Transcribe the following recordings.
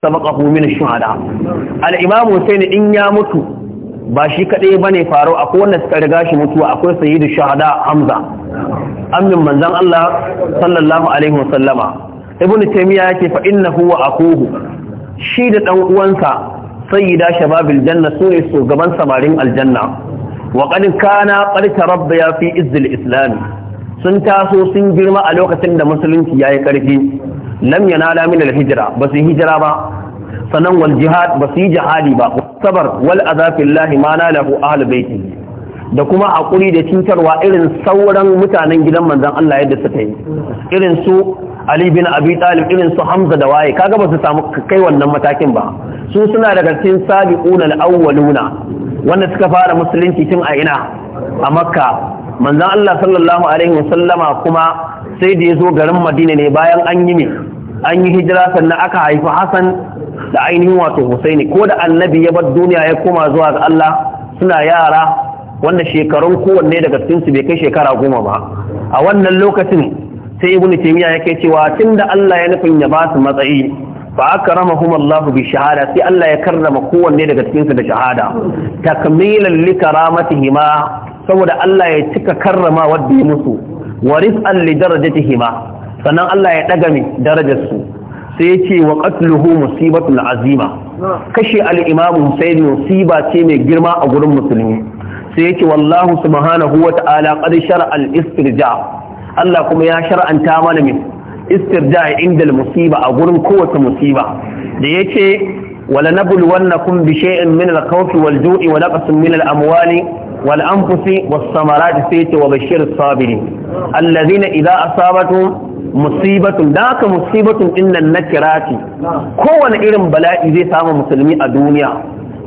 sabaqahu min ash-shuhada al-imam Hussein in ya mutu ba shi kadai bane faro akwai wanda suka riga shi mutuwa akwai sayyidu shuhada Hamza amin manzon Allah sallallahu alaihi wasallama ibnu taymiya yake fa innahu wa akuhu shi da dan uwansa sayyida shababil janna sune su gaban samarin aljanna wa qad kana qad tarabbiya fi izzil islam sun taso sun girma a lokacin da musulunci yayi karfi lam yanala min al-hijra ba su hijira ba sanan wal jihad ba su yi jihadi ba sabar wal azafillahi ma nalahu ahlul baiti da kuma hakuri da cutarwa irin sauran mutanen gidan manzon Allah yadda suka yi irin su Ali bin Abi Talib irin su Hamza da waye kaga ba su samu kai wannan matakin ba su suna daga cikin sabiquna al-awwaluna wanda suka fara musulunci tun a ina a Makka manzon Allah sallallahu alaihi wasallama kuma sai da ya zo garin madina ne bayan an yi an yi hijira sannan aka haifi hassan da ainihin wato husaini ko da annabi ya bar duniya ya koma zuwa ga allah suna yara wanda shekarun kowanne daga cikinsu bai kai shekara goma ba a wannan lokacin sai ibnu taymiya yake cewa tunda allah ya nufin ya ba su matsayi fa akramahum allah bi shahada sai allah ya karrama kowanne daga cikinsu da shahada takmilan li karamatihima saboda allah ya cika karrama wadda ya musu wa rif'an li darajatihima sannan Allah ya daga mi darajar su sai ya ce wa qatluhu musibatul azima kashe al-imam sai musiba ce mai girma a gurin musulmi sai ya ce wallahu subhanahu wa ta'ala qad shar'a al-istirja Allah kuma ya shar'anta mana mi istirja inda al-musiba a gurin kowace musiba da yace wala nabluwannakum bi shay'in min al-khawfi wal-ju'i wa naqsin min al-amwali wal anfusi was samarati sai ce wa bashir sabirin allazina idza asabatu musibatun da ka musibatun dinnan nakirati kowane irin bala'i zai samu musulmi a duniya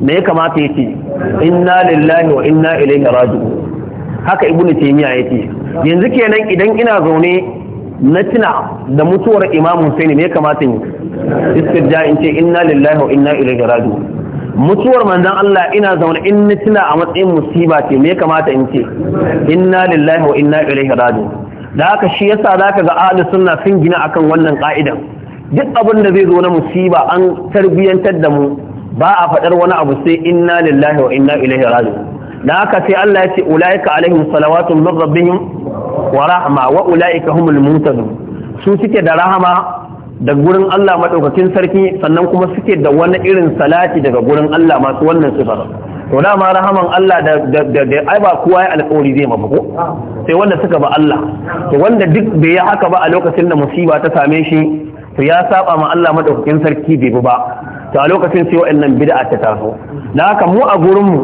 me ya kamata ya ce? inna lillahi wa inna ilaihi raji'un haka ibnu ya ce. yanzu kenan idan ina zaune na tuna da mutuwar imam me ya kamata yi istirja in ce inna lillahi wa inna ilaihi raji'un mutuwar manzon Allah ina zaune in na tuna a matsayin musiba ce me ya kamata in ce inna lillahi wa inna ilaihi raji'un da haka shi yasa zaka ga ahli sunna sun gina akan wannan ka'idan duk abin da zai zo na musiba an tarbiyantar da mu ba a faɗar wani abu sai inna lillahi wa inna ilaihi raji'un da haka sai Allah ya ce ulaika alaihim salawatun min rabbihim wa rahma wa ulaika humul muhtadun su suke da rahama da gurin Allah maɗaukakin sarki sannan kuma suke da wani irin salati daga gurin Allah masu wannan sifar to dama rahaman Allah da da ai ba kowa ya alƙawari zai mafi ko sai wanda suka ba Allah to wanda duk bai yi haka ba a lokacin da musiba ta same shi to ya saba ma Allah madaukakin sarki bai bi ba to a lokacin sai wa'annan bid'a ta taso dan haka mu a gurin mu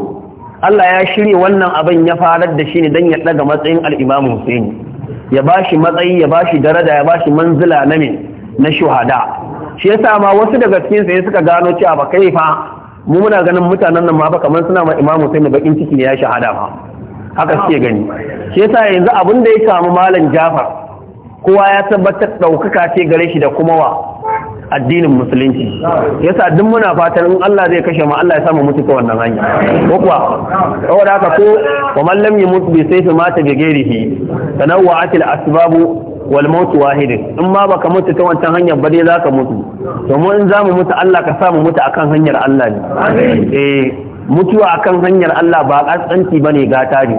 Allah ya shirye wannan abin ya farar da shi ne dan ya daga matsayin al-Imam Hussein ya bashi matsayi ya bashi daraja ya bashi manzila na me na shuhada shi yasa ma wasu daga cikin sai suka gano cewa ba kai fa mu muna ganin mutanen nan ma ba kamar suna ma imamu sai ne bakin ciki ne ya shahada ma haka suke gani shi yasa yanzu abin da ya samu malam Jafar kowa ya tabbatar daukaka ce gare shi da kuma wa addinin musulunci yasa duk muna fatan in Allah zai kashe mu Allah ya samu mutu ta wannan hanya ko kuwa saboda haka ko wa man lam yamut bi sayfi mata bi ghairihi tanawwa'at asbabu wal mautu in ma baka mutu ta wancan hanyar ba dai zaka mutu to mu in zamu mutu Allah ka samu mutu akan hanyar Allah ne eh, mutuwa akan hanyar Allah ba ba bane gata ne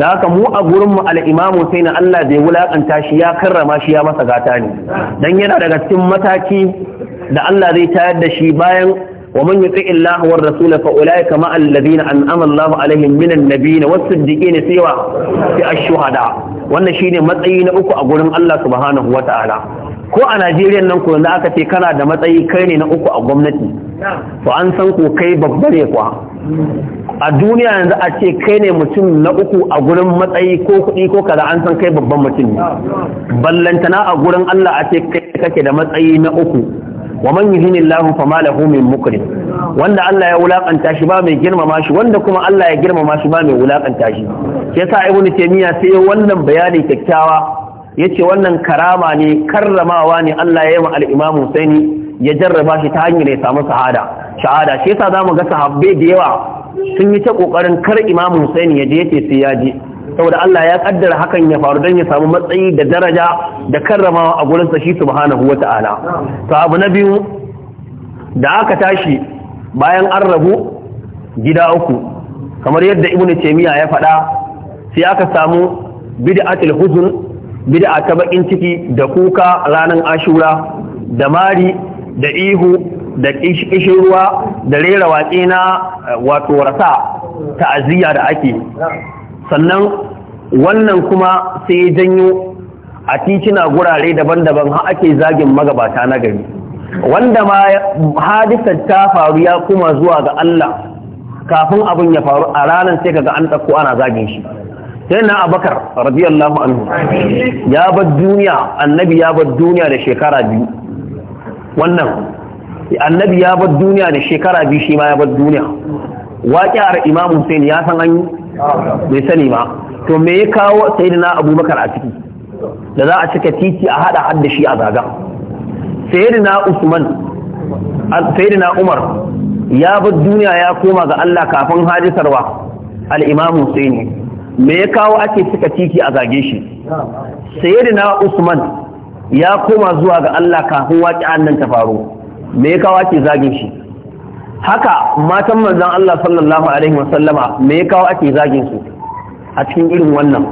da haka mu a gurin mu al-imamu sai na Allah bai wulakanta shi ya karrama shi ya masa gata ne dan yana daga cikin mataki da Allah zai tayar da shi bayan ومن يطع الله والرسول فاولئك مع الذين انعم الله عليهم من النبيين والصديقين سوى في الشهداء wannan shine matsayi na uku a gurin Allah subhanahu wataala ko a Najeriya nan ko da aka ce kana da matsayi kai ne na uku a gwamnati to an san ko kai ne kuwa a duniya yanzu a ce kai ne mutum na uku a gurin matsayi ko kuɗi ko kaza an san kai babban mutum ne ballantana a gurin Allah a ce kai kake da matsayi na uku wa man yuhinillahu fama lahu min mukrim wanda Allah ya wulakanta shi ba mai girmama shi wanda kuma Allah ya girmama shi ba mai wulakanta shi shi yasa ibnu taymiya sai wannan bayani kyakkyawa yace wannan karama ne karramawa ne Allah ya yi wa al-Imam Husaini ya jarraba shi ta hanyar ya samu shahada shahada shi yasa zamu ga sahabbai da yawa sun yi ta kokarin kar Imam Husaini ya je yace sai ya je saboda Allah ya kaddara hakan ya faru don ya samu matsayi da daraja da karramawa a gurin sa shi subhanahu wata'ala to abu na biyu da aka tashi bayan an rabu gida uku kamar yadda ibnu taymiya ya faɗa sai aka samu bid'atul huzn bid'a ta bakin ciki da kuka ranar ashura da mari da ihu da kishin ruwa da rera waƙe na wato rasa ta'aziyya da ake sannan wannan kuma sai ya janyo a titina gurare daban-daban Ha ake zagin magabata na gari wanda ma hadisar ta faru ya kuma zuwa ga Allah kafin abin ya faru a ranar sai kaga an ɗauko ana zagin shi sai na abakar radiyallahu anhu ya bar duniya annabi ya bar duniya da shekara biyu wannan annabi ya bar duniya da shekara biyu shi ma ya bar duniya waƙiyar imam Hussein ya san an yi bai sani ba to me ya kawo sayyidina abubakar a ciki da za a cika titi a hada hadda shi a zaga sayyidina usman umar ya bar duniya ya koma ga Allah kafin hadisarwa al-imamu Husaini me ya kawo ake cika titi a zage shi sayyidina usman ya koma zuwa ga Allah kafin waƙi annan ta faru me ya kawo ake zage shi haka matan manzon Allah sallallahu alaihi wasallama me ya kawo ake zagin su a cikin irin wannan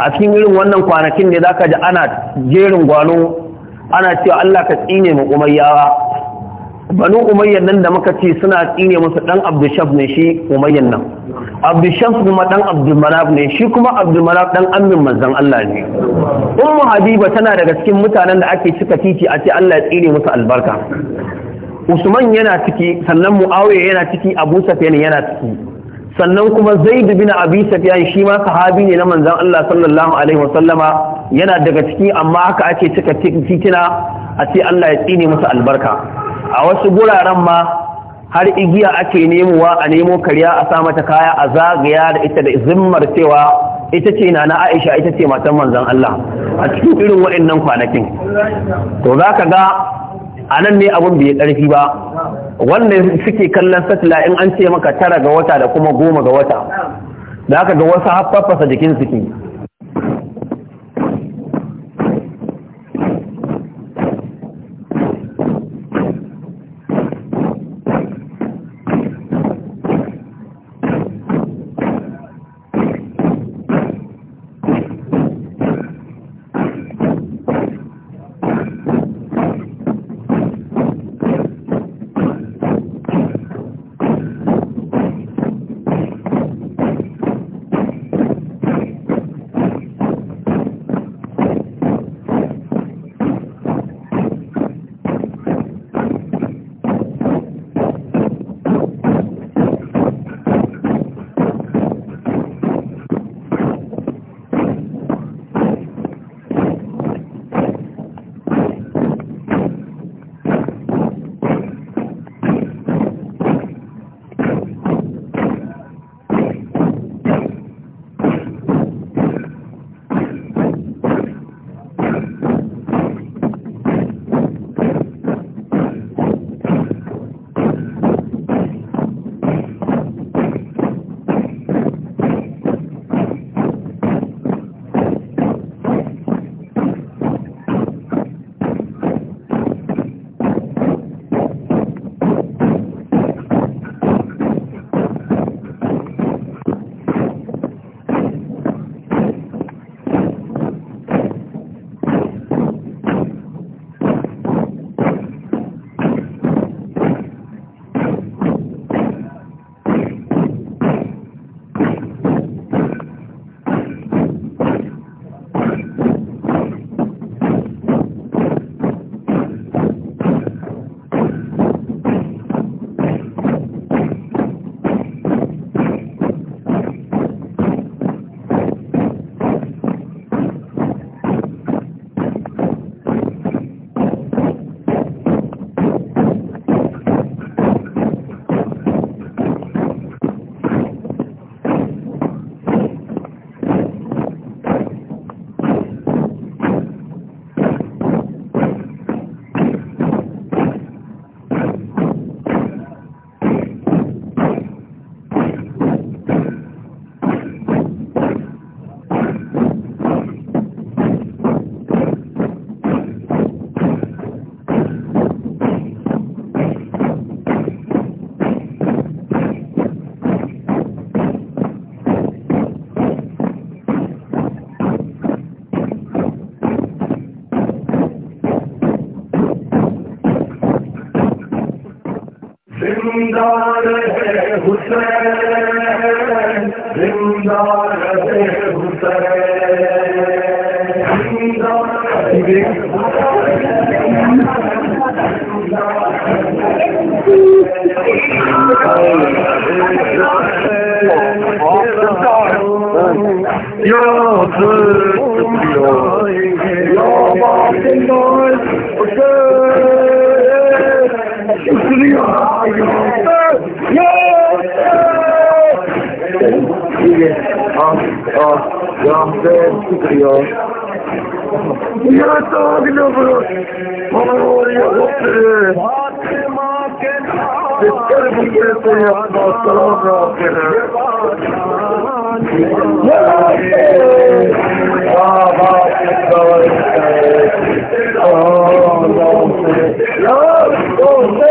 a cikin irin wannan kwanakin ne zaka ji ana jerin gwano ana cewa Allah ka tsine mu umayyawa banu umayyan nan da muka ce suna tsine musu dan abdushaf ne shi umayyan nan abdushaf kuma dan abdulmanaf ne shi kuma abdulmanaf dan ammin manzon Allah ne ummu habiba tana daga cikin mutanen da ake cika titi a ce Allah ya tsine musu albarka usman yana ciki sannan muawiya yana ciki abu sufyan yana ciki sannan kuma zaid bin abi sufyan shi ma sahabi ne na manzon Allah sallallahu alaihi wasallama yana daga ciki amma haka ake cika titina a ce Allah ya tsine masa albarka a wasu guraren ma har igiya ake nemowa a nemo kariya a sa mata kaya a zagaya da ita da zimmar cewa ita ce na na Aisha ita ce matan manzon Allah a cikin irin waɗannan kwanakin to zaka ga a nan ne abin bai ƙarfi ba wanda suke kallon satila in an ce maka tara ga wata da kuma goma ga wata da aka ga wasu haffafasa jikin suke जिदा रहे You're the boy, you're the boy. ısırıyor. Ya! Ah, ah, yahve ısırıyor. Yaratı ağabeyim bunu. Bana oraya oturuyor. Sesler bir kese yapma. Selam Rabbim. Ya! Ya! Ya! शुक्रिया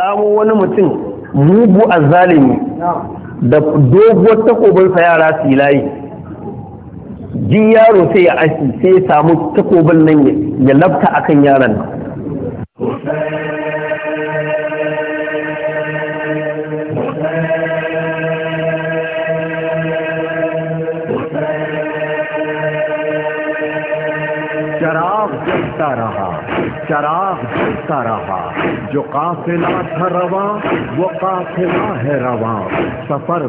samo wani mutum mugu zalimi da doguwar takobinsa yara su layi ji yaro sai ya aiki sai ya samu takobin nan ya labta akan yaran جو قافلہ تھا رواں وہ قافلہ ہے رواں سفر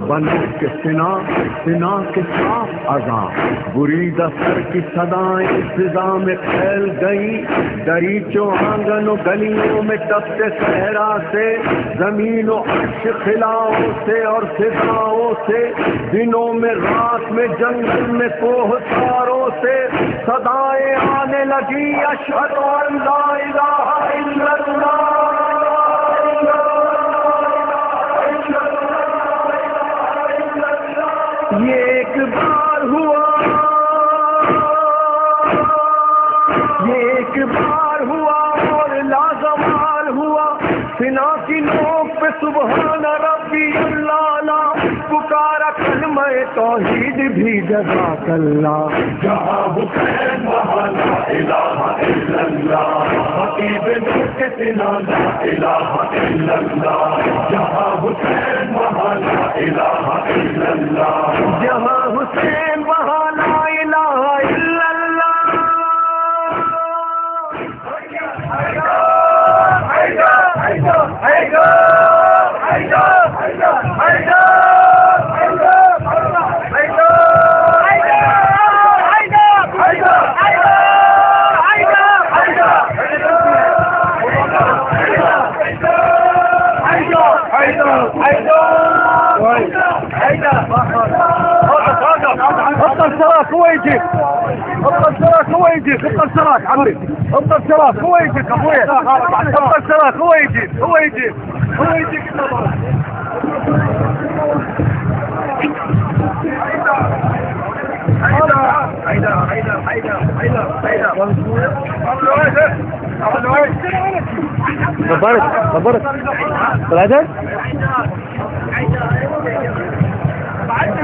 کے سنا سنا کے بری دفتر کی سدائیں فضا میں پھیل گئی دریچوں آنگن و گلیوں میں ٹپتے صحرا سے زمین و خلاؤں سے اور فضاؤں سے دنوں میں رات میں جنگل میں کوہ تاروں سے سدائیں آنے لگی اللہ ایک بار ہوا یہ ایک بار ہوا اور لازم ہوا ہوا کی نوک پہ شبح نا رشید بھی جزاك الله جہاں حسین وہاں لا الہ الا اللہ خطیب مرکتنا لا الہ الا اللہ جہاں حسین وہاں لا الہ الا اللہ جہاں حسین وہاں لا الہ الا اللہ Hey, go! Hey, go! كويتي ابقى السراك كويتي ابقى السراك عمي ابقى السراك كويتي كويتي ابقى السراك كويتك كويتك كويتك صبرت صبرت طلعت عايده عايده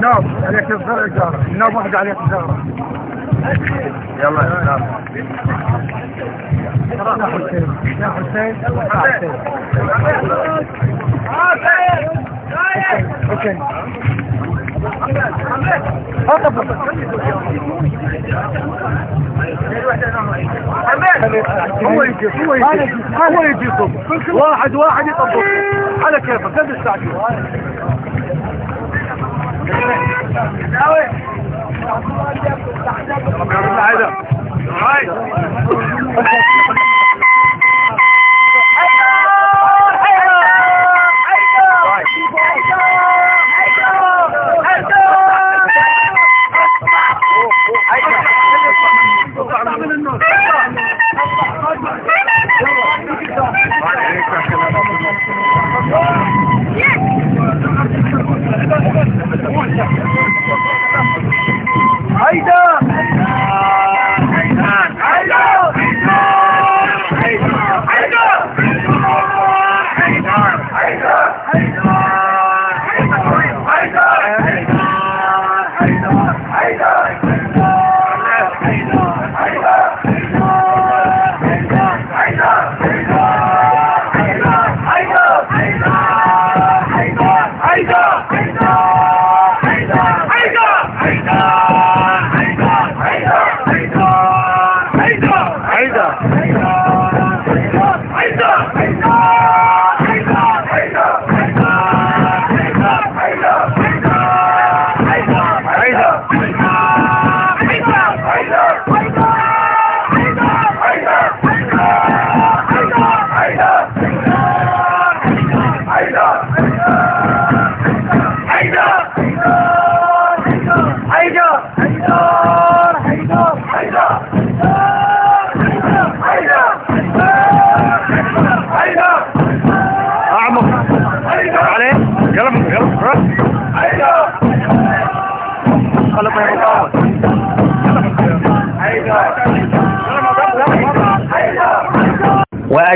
نوف عليك تصدر إشارة نوف واحد عليك إشارة يلا يا حسين يا حسين حسين هو يجيب هو يجيب هو يجيب واحد واحد يطبق على كيفك قد الساعة عايزة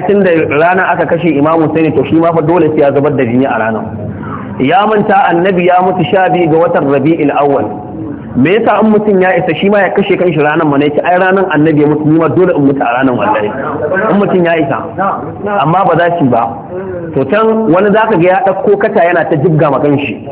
cin da ranar aka kashe imamu sai to shi ma fa dole siya ya zubar da jini a ranar ya manta annabi ya mutu sha biyu ga watan rabi'il awwal me yasa an mutum ya isa shi ma ya kashe kanshi ranar mana yake ai ranar annabi ya mutu nima dole in mutu a ranar wallare in mutum ya isa amma ba za shi ba to can wani ka ga ya ɗauko kata yana ta jibga ma kanshi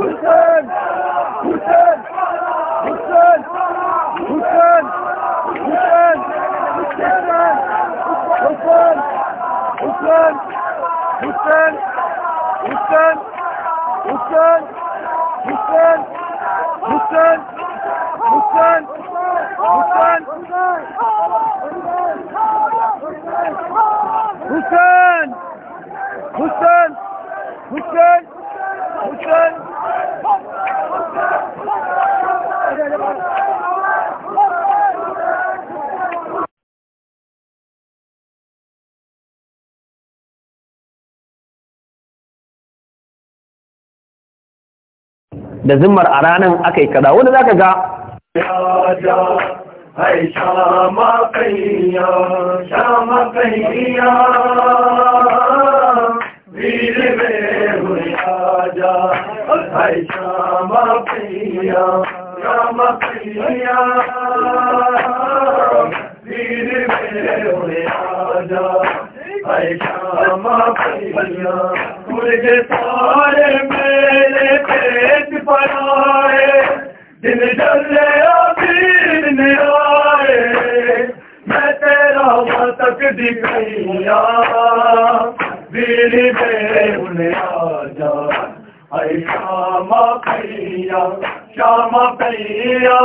Hüseyin! Hüseyin! Hüseyin! Hüseyin! Hüseyin! Hüseyin! Hüseyin! Hüseyin! Hüseyin! Hüseyin! Hüseyin! Hüseyin! Hüseyin! Hüseyin! Hüseyin! da zimmar a ranar aka yi kaza wanda za ka ga Yeah. आ جا शतक दिखा एशाम भैया शाम भैया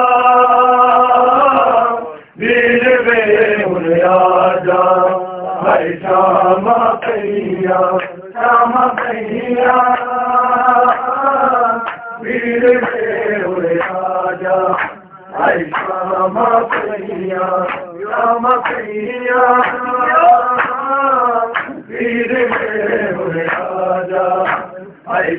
बिल वेरे جا मातया राम भ شام कैया राम भैया वीर के راجا ले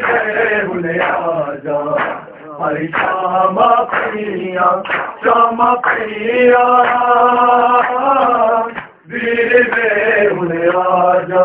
भले राजा एशा माखियां मखियां बिल भले राजा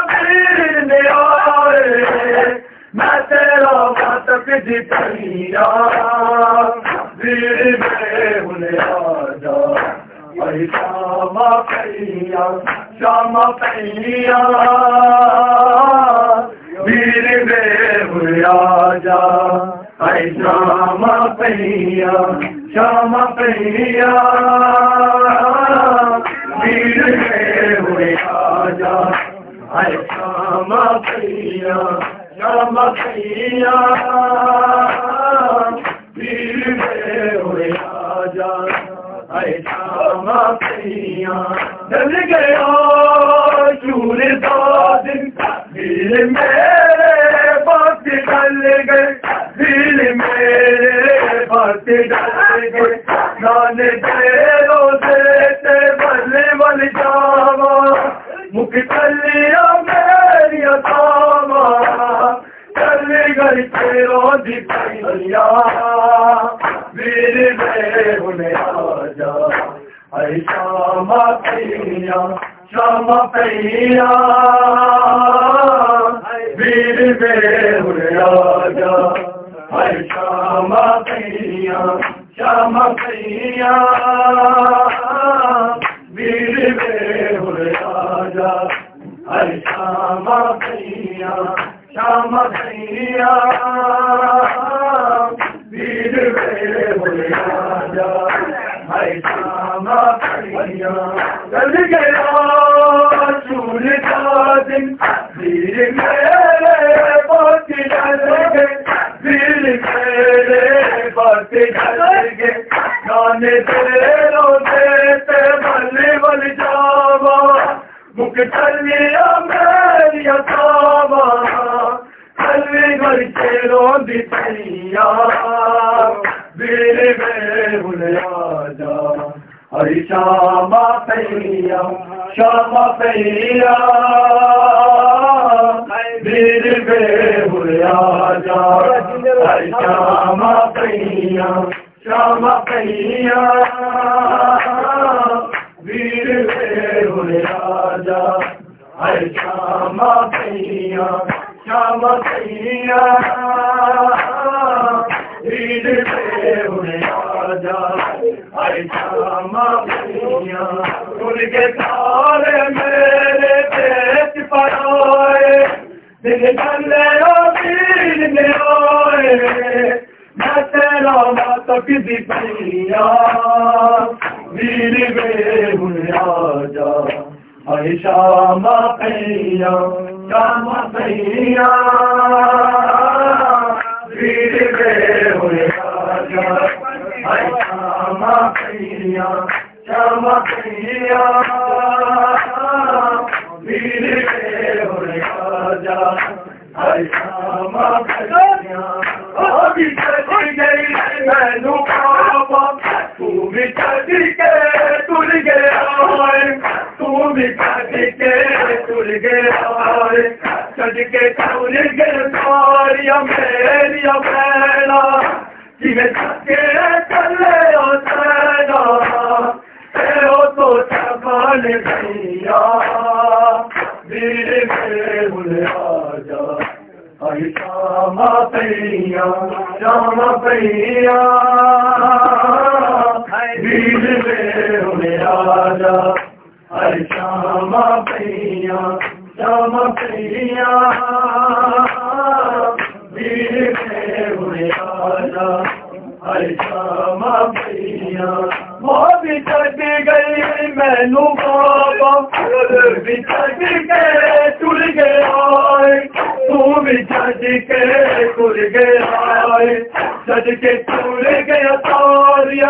شام बेवल राजा पैसा माता कम कया वीर बेवल राजा अथई शम कया वीर شام अया میرے बिले बल गिले बले भले میری मुखिया रोधा वीर भले राजा अथम वीर बे भले राजा ऐमस वीर बे भले राजा अथई stumbled Ins look at medhat having come some darling People are withJama Kim часовi is a Sats Atari with a in- Bayo Zeal beric yani mari 63 Il mei ल भेरे भुला हरी शाम तीर भेरे भुलिया जा हरी शाम मातिया श्या तिया वीर फे हुन वीर खे हुनखे یا ویر بے بھل آ جا ایشام شام ویر بے بھولیا جا ایشامات شام ویر بھولیا جا اي ماما دنيانو ابي کي کيي منهو پا پ کي کي کي کي کي کي کي کي کي کي کي کي बी भे भा आई छे आयो तूं बि छॾ के टुल गे आज के चुल्गारियरियल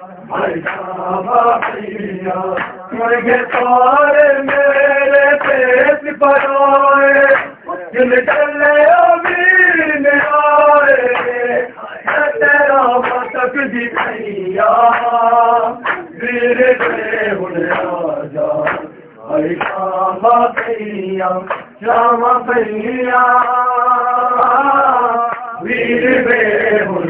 तारे मेरे वीरे भैया वीर भे हुन जाम भैया वीर भे हुन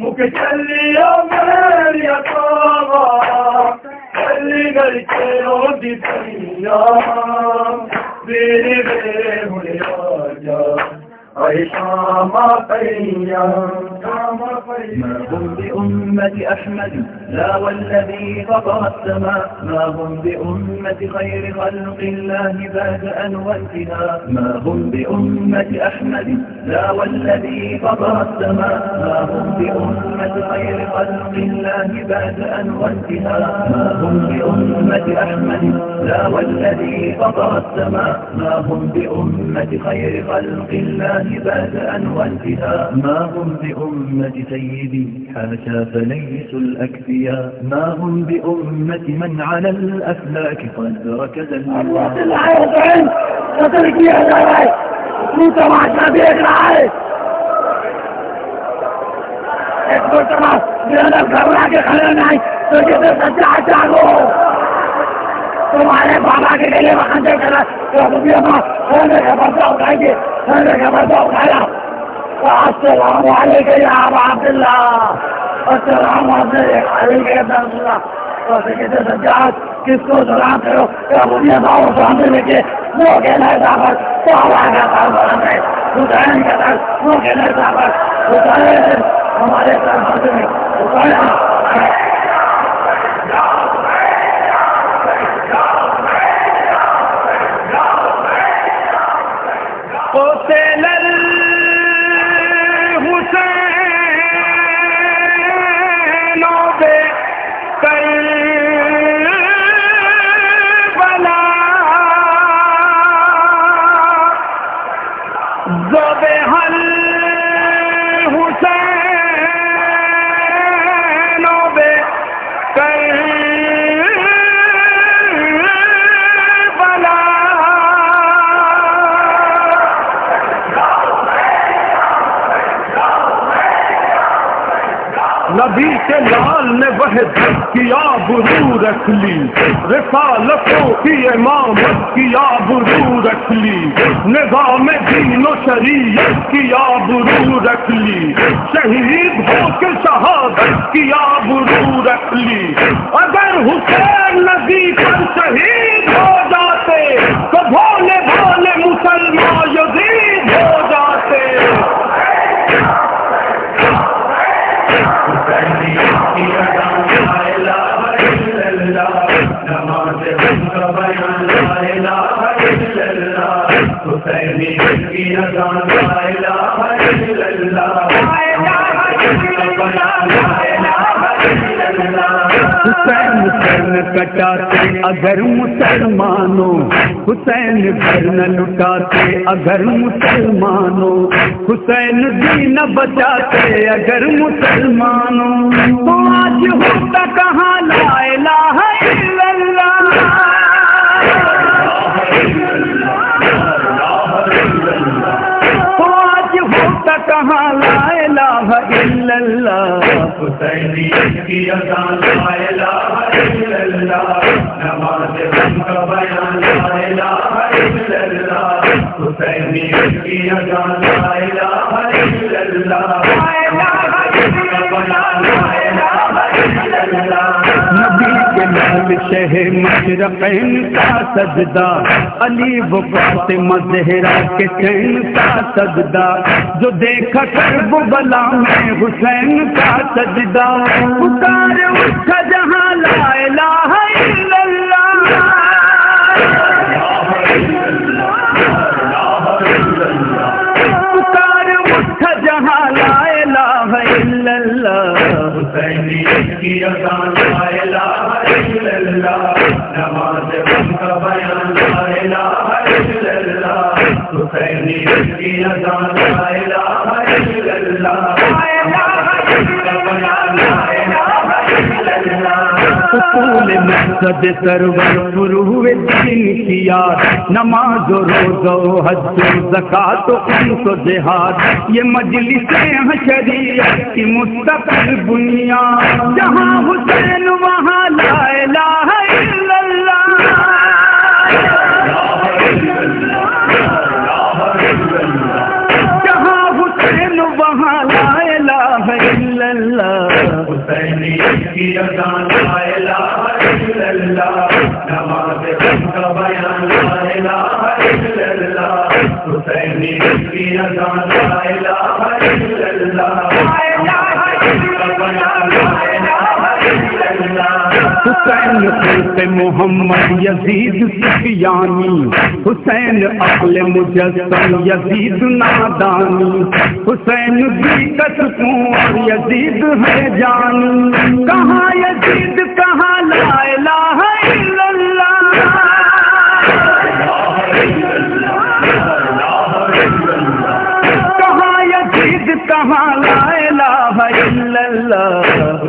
मूंखे चावा चली गॾियो وهشام ما هم بأمة أحمد لا والذي فطر السماء ما هم بأمة خير خلق الله بعد أن وانتهى ما هم بأمة أحمد لا والذي فطر السماء ما هم بأمة خير خلق الله بعد أن وانتهى ما هم بأمة أحمد لا والذي فطر السماء ما هم بأمة خير خلق الله الإيمان وانتهاء ما هم بأمة سيدي حاشا فليسوا الأكفياء ما هم بأمة من على الأفلاك قد ركز الله العين العين قتلك يا العين انت مع شعبيك العين اكبر تمام بيانا بكرهك خلينا نعيش تجد تسجع تعقوب تمہارے بابا کے لیے وہاں سے کرا تو ابھی کا اٹھایا السلام السلام علیکم ہمارے ہے دس کی آب رکھ لی رسالتوں کی امامت کی آب رکھ لی نظام دین و شریعت کی آب رکھ لی شہید ہو کے شہادت کی آب رکھ لی اگر حسین نبی پر شہید ہو جاتے تو بھولے با کرن کٹاتے اگر مسلمانوں حسین گھر نہ لٹاتے اگر مسلمانوں حسین بھی نہ بچاتے اگر مسلمانوں تو آج ہوتا کہاں لا الہ الا اللہ کہاں لائے پانا ہری لیا پی کے لال شہ مشرقین کا سجدہ علی وہ مظہرا کے چین کا سجدہ جو دیکھا کر وہ بلا میں حسین کا سجدہ اتار اس کا جہاں لائے لائے مقصد سرور کیا نماز و و و روز حج نما و خمس و جہاد یہ مجلس کی مستقل بنیا جہاں حسین وہاں لا الہ حسینی حسین خلق محمد یزید سفیانی حسین اقل مجسم یزید نادانی حسین دیکت کون یزید ہے جانی کہاں یزید کہاں لا الہ الا اللہ کہاں یزید کہاں لا الہ الا اللہ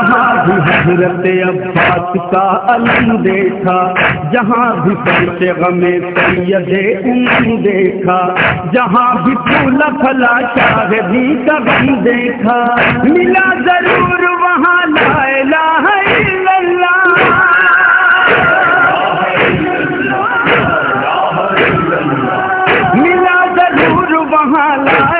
جہاں بھی حضرت عباس کا علم دیکھا جہاں بھی پہنچے غم سید ان دیکھا جہاں بھی پھول پھلا چار بھی کبھی دیکھا ملا ضرور وہاں لا الہ الا اللہ ملا ضرور وہاں لا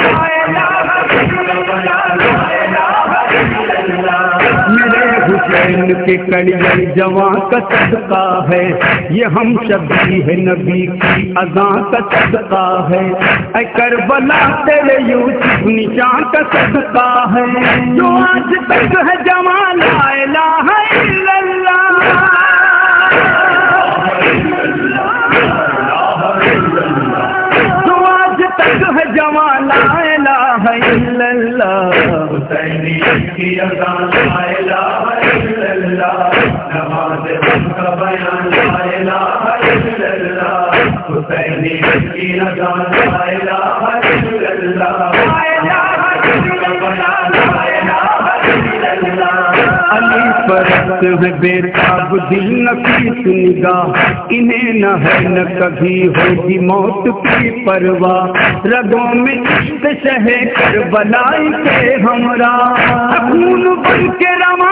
حسین کے کڑی جوان کا صدقہ ہے یہ ہم شبی ہے نبی کی اذاں کا صدقہ ہے اے کربلا تیرے یوسف نشان کا صدقہ ہے جو آج تک ہے جوان لا الا اللہ جوانا ہے اللہ انہیں ہوگی موت پروا رگو مت کر بلائی کے روا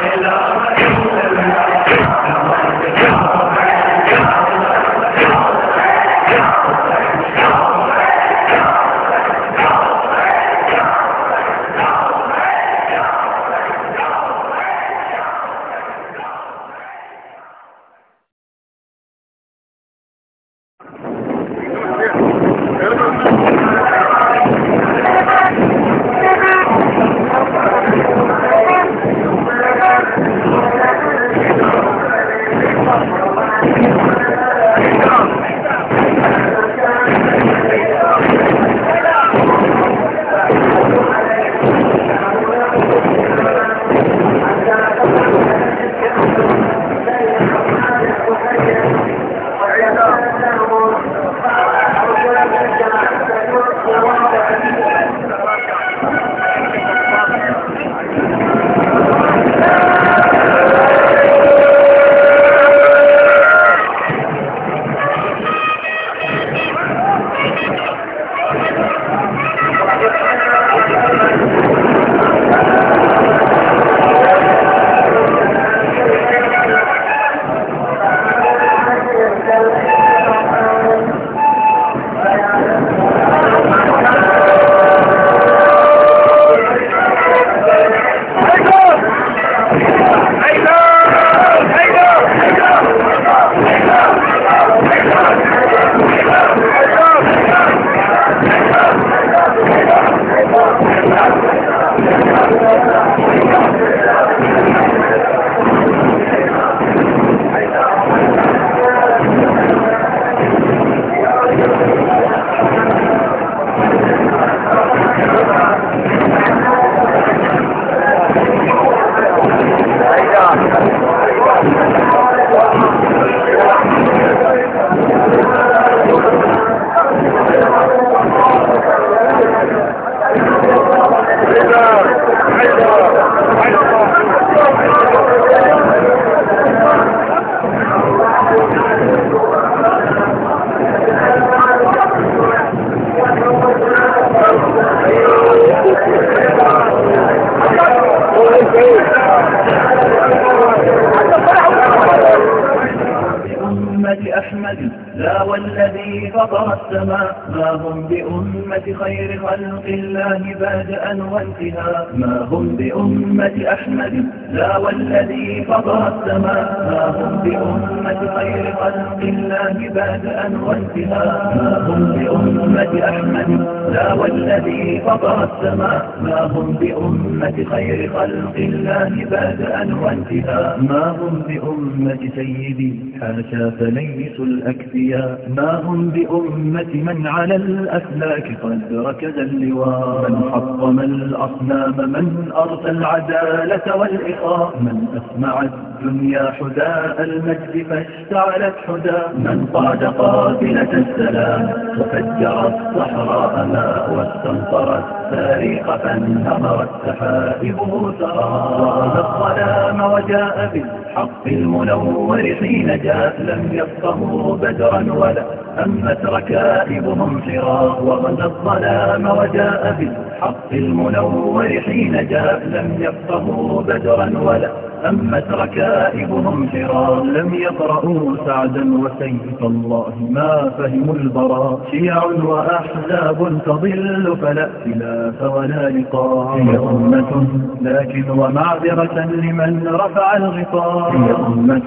خلق الله بعد أن وانتهى ما هم بأمة سيدي حاشا فليس الأكفياء ما هم بأمة من على الأسلاك قد ركز اللواء من حطم الأصنام من من العدالة والإقام من أسمع الدنيا حدا المجد فاشتعلت حدا من قاد قافلة السلام وفجر الصحراء ماء واستمطرت التاريخ فانهمرت سحائبه سرى صاد الظلام وجاء بالحق المنور حين جاء لم يفقهوا بدرا ولا أمت ركائبهم حرا وغنى الظلام وجاء بالحق المنور حين جاء لم يفقهوا بدرا ولا أمت ركائبهم شرار لم يقرأوا سعدا وسيف الله ما فهموا البراء شيع وأحزاب تضل فلا اختلاف ولا لقاء هي أمة لكن ومعذرة لمن رفع الغطاء هي أمة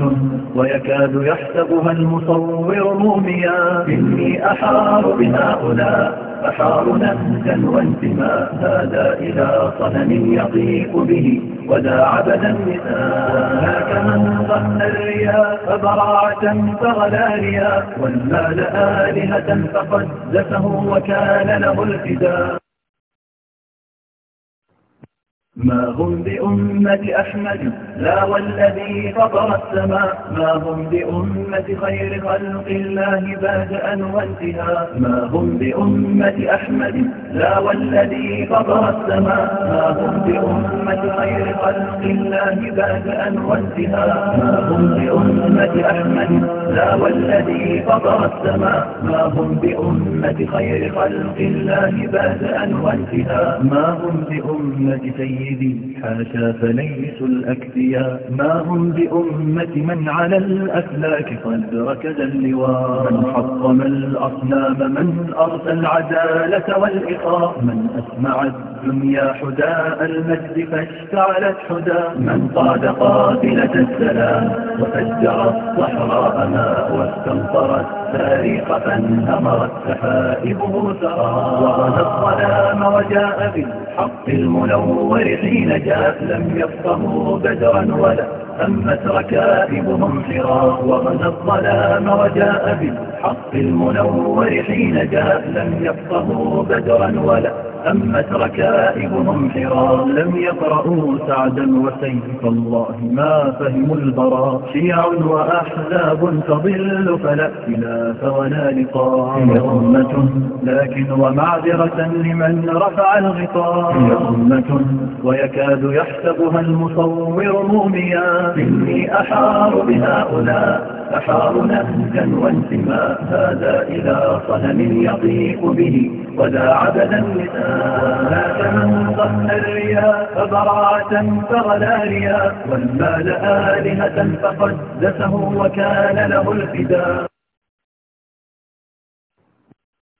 ويكاد يحسبها المصور موميا إني أحار بهؤلاء أحار نهجا وانتماء هذا إلى صنم يطيق به ولا عبدا مثال هناك من ضحى الرياء فبراعة فغلا والمال آلهة فقد دسه وكان له الفداء ما هم بأمة أحمد لا والذي فطر السماء ما هم بأمة خير خلق الله بعد أن وانتهى ما هم بأمة أحمد لا والذي فطر السماء ما هم بأمة خير خلق الله بعد أن وانتهى ما هم بأمة أحمد لا والذي فطر السماء ما هم بأمة خير خلق الله بعد أن وانتهى ما هم بأمة سيد سيدي حاشا فليس الأكفياء ما هم بأمة من على الأفلاك قد ركز اللواء من حطم الأصنام من أرسى العدالة والإقاء من أسمع الدنيا حداء المجد فاشتعلت حدا من قاد قافلة السلام وفجر الصحراء ماء واستنطرت تاريخ فانهمرت سحائبه سرى وغنى الظلام وجاء بالحق المنور حين جاء لم يفقهوا بدرا ولا أمت ركائبهم حرا وغدا الظلام وجاء بالحق المنور حين جاء لم يفقهوا بدرا ولا أمت ركائبهم حرا لم يقرأوا سعدا وسيف الله ما فهموا البراء شيع وأحزاب تضل فلا اختلاف ولا لقاء هي أمة لكن ومعذرة لمن رفع الغطاء هي أمة ويكاد يحسبها المصور موميا إني أحار بهؤلاء أحار نهجا وانتماء هذا إلى صنم يضيق به ولا عبدا لسان ذاك من ضمن الرياء فبراعة فغلا رياء والمال آلهة فقدسه وكان له الفداء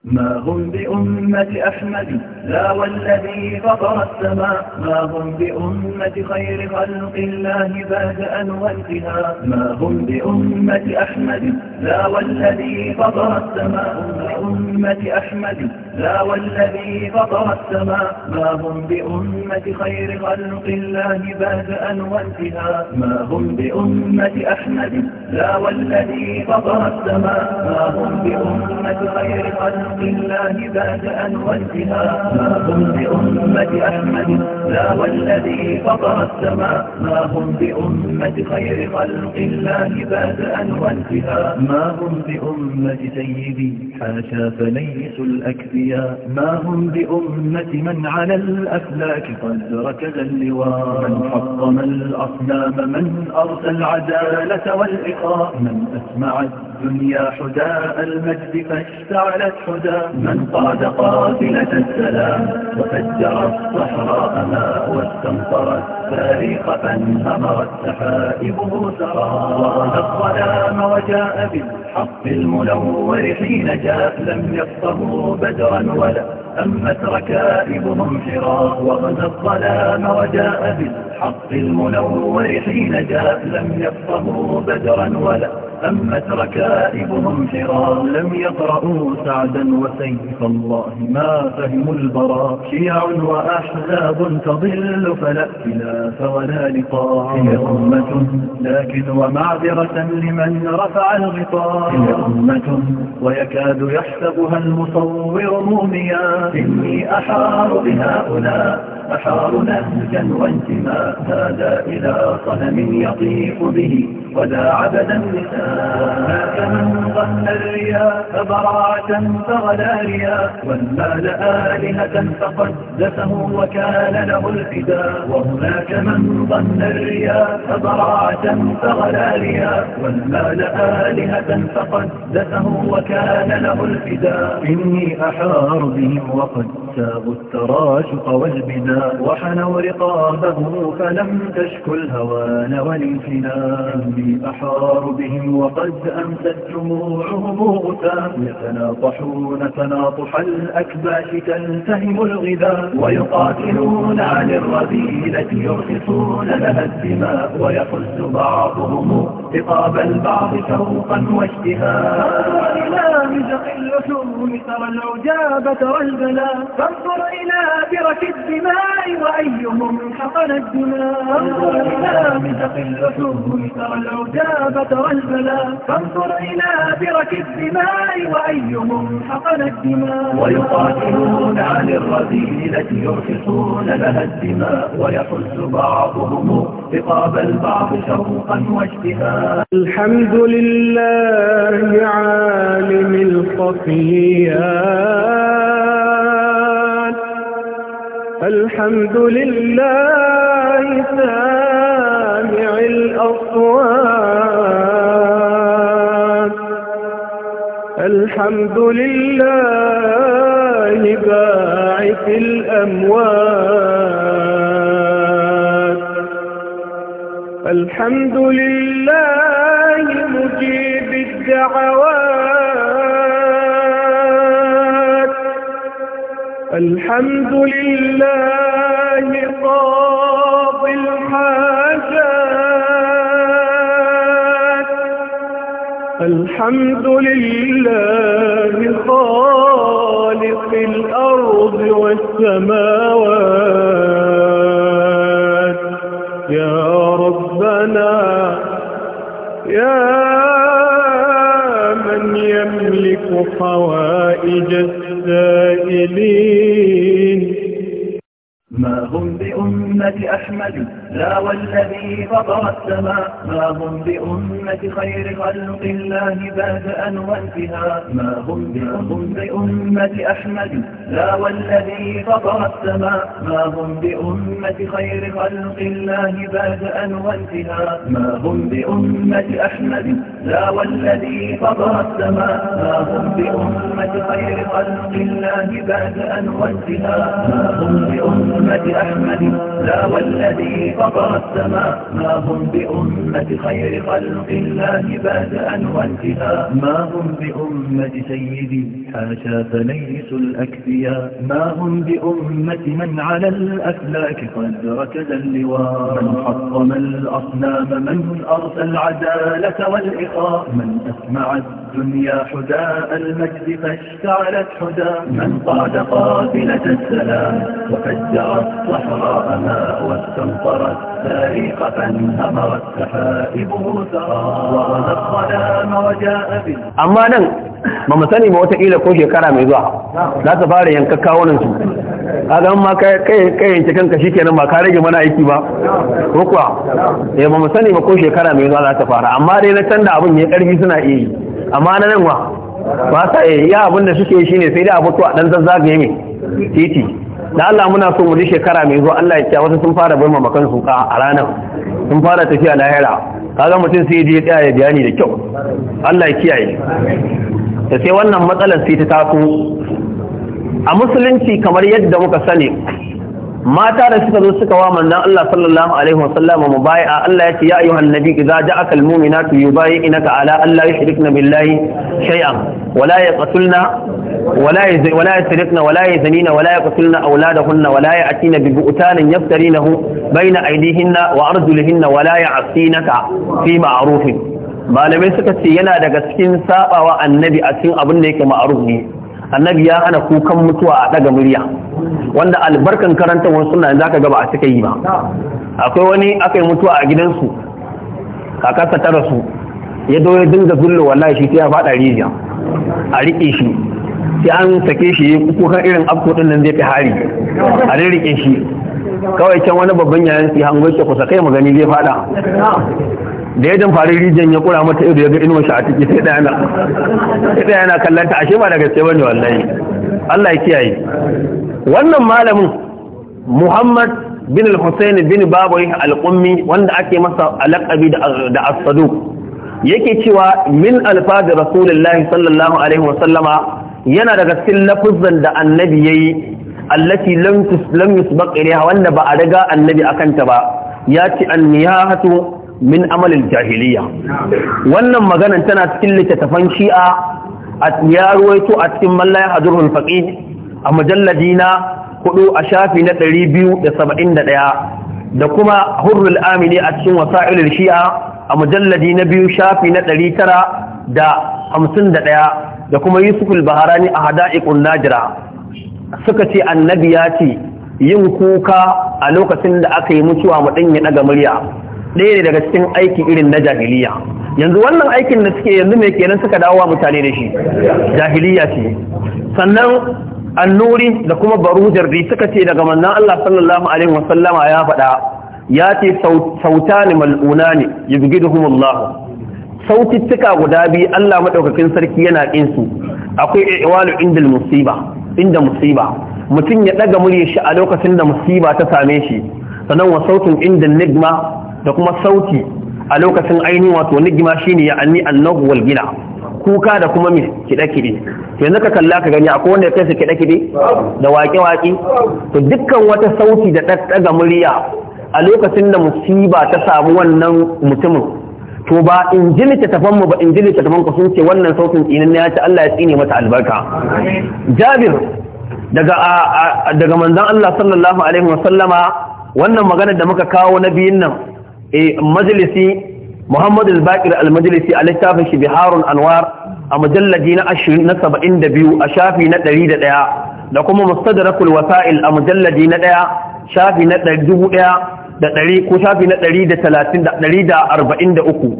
ما هم بأمة أحمد لا والذي فطر السماء ما هم بأمة خير خلق الله بعد أن وانتهاء ما هم بأمة أحمد لا والذي فطر السماء بأمة أحمد لا والذي فطر السماء ما هم بأمة خير خلق الله بعد أن وانتهاء ما هم بأمة أحمد لا والذي فطر السماء ما هم بأمة خير خلق حق الله بعد أن وزها ما هم بأمة أحمد لا والذي فطر السماء ما هم بأمة خير خلق الله بعد أن وزها ما هم بأمة سيدي حاشا فليس الأكفياء ما هم بأمة من على الأفلاك قد ركز اللواء من حطم الأصنام من أرسى العدالة والإقاء من أسمع الدنيا حداء المجد فاشتعلت حداء غدا من قاد قافلة السلام وفجر الصحراء ماء واستمطرت فاريق فانهمرت سحائبه سرى ضاق الظلام وجاء بالحق المنور حين جاء لم يفقهوا بدرا ولا أمت ركائبهم حراء وغدا الظلام وجاء بالحق المنور حين جاء لم يفقهوا بدرا ولا أمت ركائبهم حراء لم يقرؤوا سعدا وسيف الله ما فهم البراء شيع وأحزاب تضل فلا اختلاف ولا لقاء هي أمة لكن ومعذرة لمن رفع الغطاء هي أمة ويكاد يحسبها المصور موميا إني أحار بهؤلاء أحار نهجا وانتماء هذا إلى صنم يطيف به ولا عبدا نساء هاك من ظن الرياء فبراعة فغير ولا رياء والمال آلهة فقدسه وكان له الفداء وهناك من ظن الرياء فضراعة فغلا رياء والمال آلهة فقدسه وكان له الفداء إني أحار بهم وقد سابوا التراشق والبدا وحنوا رقابهم فلم تشكو الهوان والانفناء إني أحار بهم وقد أمست جموعهم غثا يتناطحون يقاتلون تناطح الأكباش تلتهم الغذاء ويقاتلون عن الرذيلة يرخصون لها الدماء ويخز بعضهم رقاب البعض شوقا واشتهاء إلى مزق اللحوم ترى العجاب ترى البلاء فانظر إلى برك الدماء وأيهم حقن الدماء فانظر إلى مزق اللحوم ترى العجاب ترى البلاء فانظر إلى برك الدماء وأيهم حقن الدماء ويقاتلون عن الرذيلة يرفقون لها الدماء ويحز بعضهم رقاب البعض شوقا واشتهاء الحمد لله عالم الخفيات الحمد لله سامع الأصوات الحمد لله باعث الأموات الحمد لله مجيب الدعوات الحمد لله قائل الحمد لله خالق الأرض والسماوات يا ربنا يا من يملك حوائج السائلين ما هم بأمة أحمد لا والذي فطر السماء ما هم بأمة خير خلق الله بعد أن وانتهى ما هم بأمة, بأمة أحمد لا والذي فطر السماء ما هم بأمة خير خلق الله بعد أن وانتهى ما هم بأمة أحمد لا والذي فطر السماء ما هم بأمة خير خلق الله بعد أن وانتهى ما هم بأمة أحمد لا والذي فقر السماء ما هم بأمة خير خلق الله بدءا وانتهاء ما هم بأمة سيدي حاشا فليس الأكفياء ما هم بأمة من على الأفلاك قد ركز اللواء من حطم الأصنام من أرسى العدالة والإخاء من أسمع الدنيا حداء المجد فاشتعلت حدا من قاد قافلة السلام وفجر الصحراء ماء واستمطرت أمرت سائقة أمرت سحائبه سرى ورد الظلام وجاء به أما نن ما مسني ما وتقيل كوشي كرام يزوح لا تفاري ينككا وننسو kaga ma kai kai yanke kanka kenan ba ka rage mana aiki ba ko kuwa eh ba mu sani ba ko shekara mai zuwa za ta fara amma dai na canza abin ya karfi suna iya yi amma na nan wa ba sa iya abin da suke shi ne sai dai abu to a dan zazzage mai titi da Allah muna so mu ji shekara mai zuwa Allah ya kiya wasu sun fara burma mamakan su ka a ranar sun fara tafiya lahira kaga mutum sai je tsaya ya bayani da kyau Allah ya kiyaye da sai wannan matsalar sai ta taso a musulunci kamar yadda muka sani mata da suka zo suka wa manzon Allah sallallahu alaihi wasallam mubai'a Allah yace ya ayyuhan nabi idza ja'akal mu'minatu yubayyinaka ala an la yushrikna billahi shay'an yaqtulna yaqtulna awladahunna ya'tina bi bu'tanin yaftarinahu aydihinna wa arjulihinna fi ma'rufin malamai suka ce yana daga cikin sabawa annabi a cikin abin da yake ma'ruf ne annabi ya hana kukan mutuwa a daga murya wanda albarkan karanta wasu suna za ka gaba a suka yi ba akwai wani aka yi mutuwa a gidansu kakarsa ta rasu ya zo dinga zullo wallahi shi sai ya faɗa rijiya a riƙe shi sai an sake shi ya kukan irin afko din nan zai fi hari a rike shi kawai can wani babban yayan su hango shi kusa kai magani zai faɗa da ya jamfari rijiyar ya kura mata ido ya ga inuwa a ciki sai na sai daya na kallon ta ashe ba daga sai wani wallahi Allah ya kiyaye wannan malamin Muhammad bin al-Husayn bin Babu al-Qummi wanda ake masa alaqabi da as-Saduq yake cewa min alfad rasulullahi sallallahu alaihi wa sallama yana daga cikin lafuzan da annabi yayi allati lam lam yusbaq ilayha wanda ba a daga annabi akanta ba ya ce niyahatu min amalin jahiliya wannan maganan tana cikin littattafan shi'a a ya a cikin mallaya hadurul faƙi, a mujalladi na hudu a shafi na 271 da kuma hurrul amini a cikin wasa'ilar shi'a a mujalladi na biyu shafi na 951 da kuma yusuful baharani a hada'iqun najira suka ce annabi ya ce yin kuka a lokacin da aka yi mutuwa mutum ya daga murya ɗaya ne daga cikin aiki irin na jahiliya yanzu wannan aikin da suke yanzu mai kenan suka dawo wa mutane da shi jahiliya ce sannan annuri da kuma barujar da suka ce daga mannan Allah sallallahu alaihi wasallama ya faɗa ya ce sauta ne mal'una ne ya bugi da sautittuka guda biyu Allah maɗaukakin sarki yana ƙinsu akwai iwalu inda musiba inda musiba mutum ya ɗaga murya shi a lokacin da musiba ta same shi sannan wa sautin inda nigma da kuma sauti a lokacin ainihin wato nigima shine ya anni annahu wal gina kuka da kuma mai kiɗe-kiɗe yanzu ka kalla ka gani akwai wanda ya kai su kiɗe-kiɗe da waƙe-waƙe to dukkan wata sauti da ɗaɗɗaga murya a lokacin da musiba ta samu wannan mutumin to ba in ji tafan mu ba in ji tafan ku sun ce wannan sautin tsinin ya ce Allah ya tsine mata albarka Jabir daga daga manzon Allah sallallahu alaihi wa sallama wannan magana da muka kawo na biyun nan E, majalisi al bakir al majlisi a littafin shi biharun anwar a mujallaji na ashirin na saba'in da biyu a shafi na ɗari da ɗaya da kuma mustadrakul wasa'il a mujallaji na ɗaya shafi na dubu ɗaya da ɗari ko shafi na ɗari da talatin da ɗari da arba'in da uku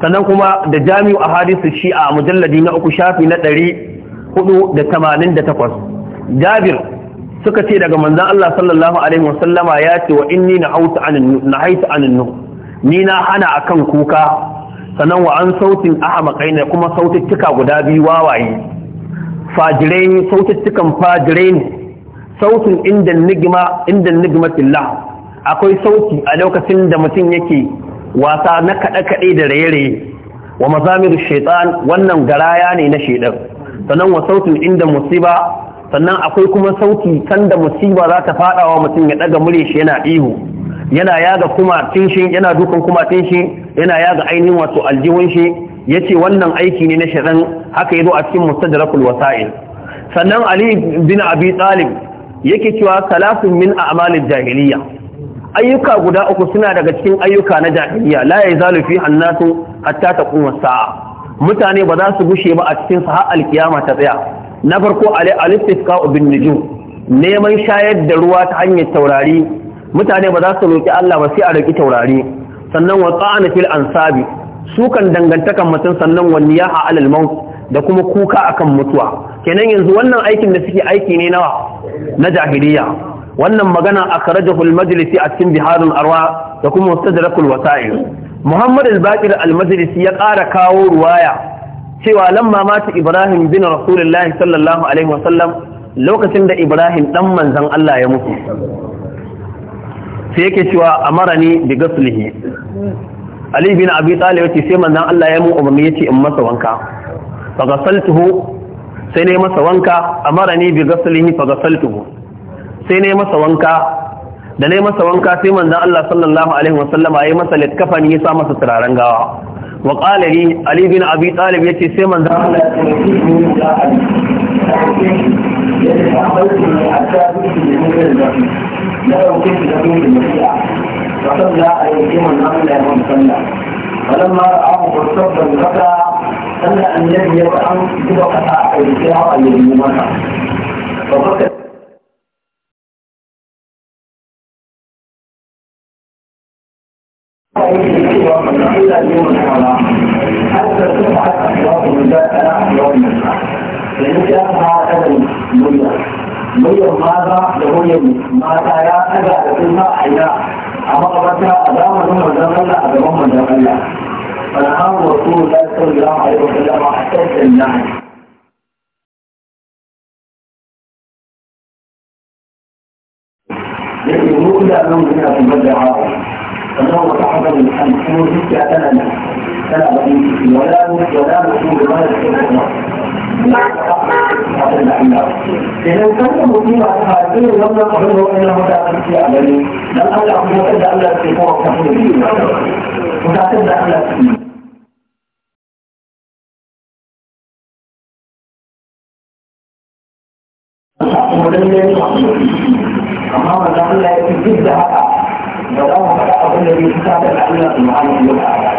sannan kuma da jami'u a hadisu shi'a a mujalladi na uku shafi na ɗari da tamanin da takwas jabir suka ce daga manzan Allah sallallahu alaihi wasallama ya ce wa inni na hauta na haita anannu ni na hana a kan kuka sannan wa an sautin ahmaqai ne kuma sautittika guda biyu wawaye fajirai ne sautittikan fajirai ne sautin inda nigma inda nigmatillah akwai sauti a lokacin da mutum yake wasa na kaɗe kaɗe da raye-raye wa mazamir shaitan wannan garaya ne na shaidar sannan wa sautin inda musiba sannan akwai kuma sauti sanda musiba za ta fada mutum ya daga mure shi yana ihu yana yaga kuma tinshin yana dukan kuma tinshin yana yaga ainihin wato aljihun shi yace wannan aiki ne na shaitan haka yazo a cikin mustadrakul wasa'il sannan ali bin abi talib yake cewa salafin min a'malil jahiliya ayyuka guda uku suna daga cikin ayyuka na jahiliya la yazalu fi annatu hatta taqum saa mutane ba za su gushe ba a cikin sa har alkiyama ta tsaya na farko al-istisqa bin Niju. neman shayar da ruwa ta hanyar taurari mutane ba za su roki Allah ba sai a roki taurari sannan wa ta'ana fil ansabi sukan dangantakan mutum sannan wa niyaha alal maut da kuma kuka akan mutuwa kenan yanzu wannan aikin da suke aiki ne nawa na jahiliya wannan magana akhrajahu al-majlisi a cikin biharul arwa da kuma mustadrakul wasa'il Muhammad al-Baqir al-Majlisi ya ƙara kawo ruwaya cewa lamma mata Ibrahim bin Rasulullahi sallallahu alaihi wasallam lokacin da Ibrahim dan manzon Allah ya mutu sai yake cewa amarani bi gaslihi Ali bin Abi Talib yace sai manzon Allah ya mu umarni yace in masa wanka fa ghasaltuhu sai ne masa wanka amarani bi gaslihi fa ghasaltuhu sai ne masa wanka da ne masa wanka sai manzon Allah sallallahu alaihi wasallama yayi masa litkafani ya sa masa turaren gawa وقال لي علي بن ابي طالب يا سي sai manzo فلما رآه فاستبدل الغدا صلى أن يجي وأن تبقى أيديها أيديهما ففكر muryar maza da muryar mata ya ɗaga da sun sa a ina a makamata a zamanin manzon Allah a gaban manzon Allah فالحمد رسول الله صلى الله عليه وسلم احتج النهي لكن مو كل أنهم هنا في بدر عاصم فهو تعبد الحمد هو جدا أنا أنا بعيد ولا ولا مقبول ما إذا كان مقيم kuma dan ne amma manzo Allah ya ce duk da haka ba za mu faɗa abin da zai fita da Allah subhanahu wa ta'ala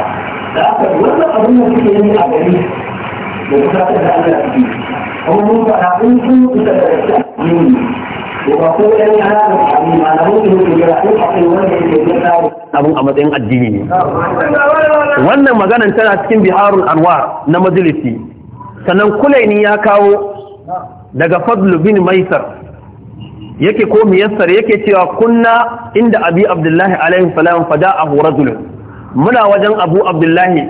da aka wannan abin da suke yi a gari da fita da Allah suke kuma mun faɗa in sun fita da Allah وقول ان هذا abun a matsayin addini ne wannan maganan tana cikin biharul anwar na majalisi sannan kulaini ya kawo daga fadlu bin maisar yake ko miyassar yake cewa kunna inda abi abdullahi alaihi salam fada'ahu rajul muna wajen abu abdullahi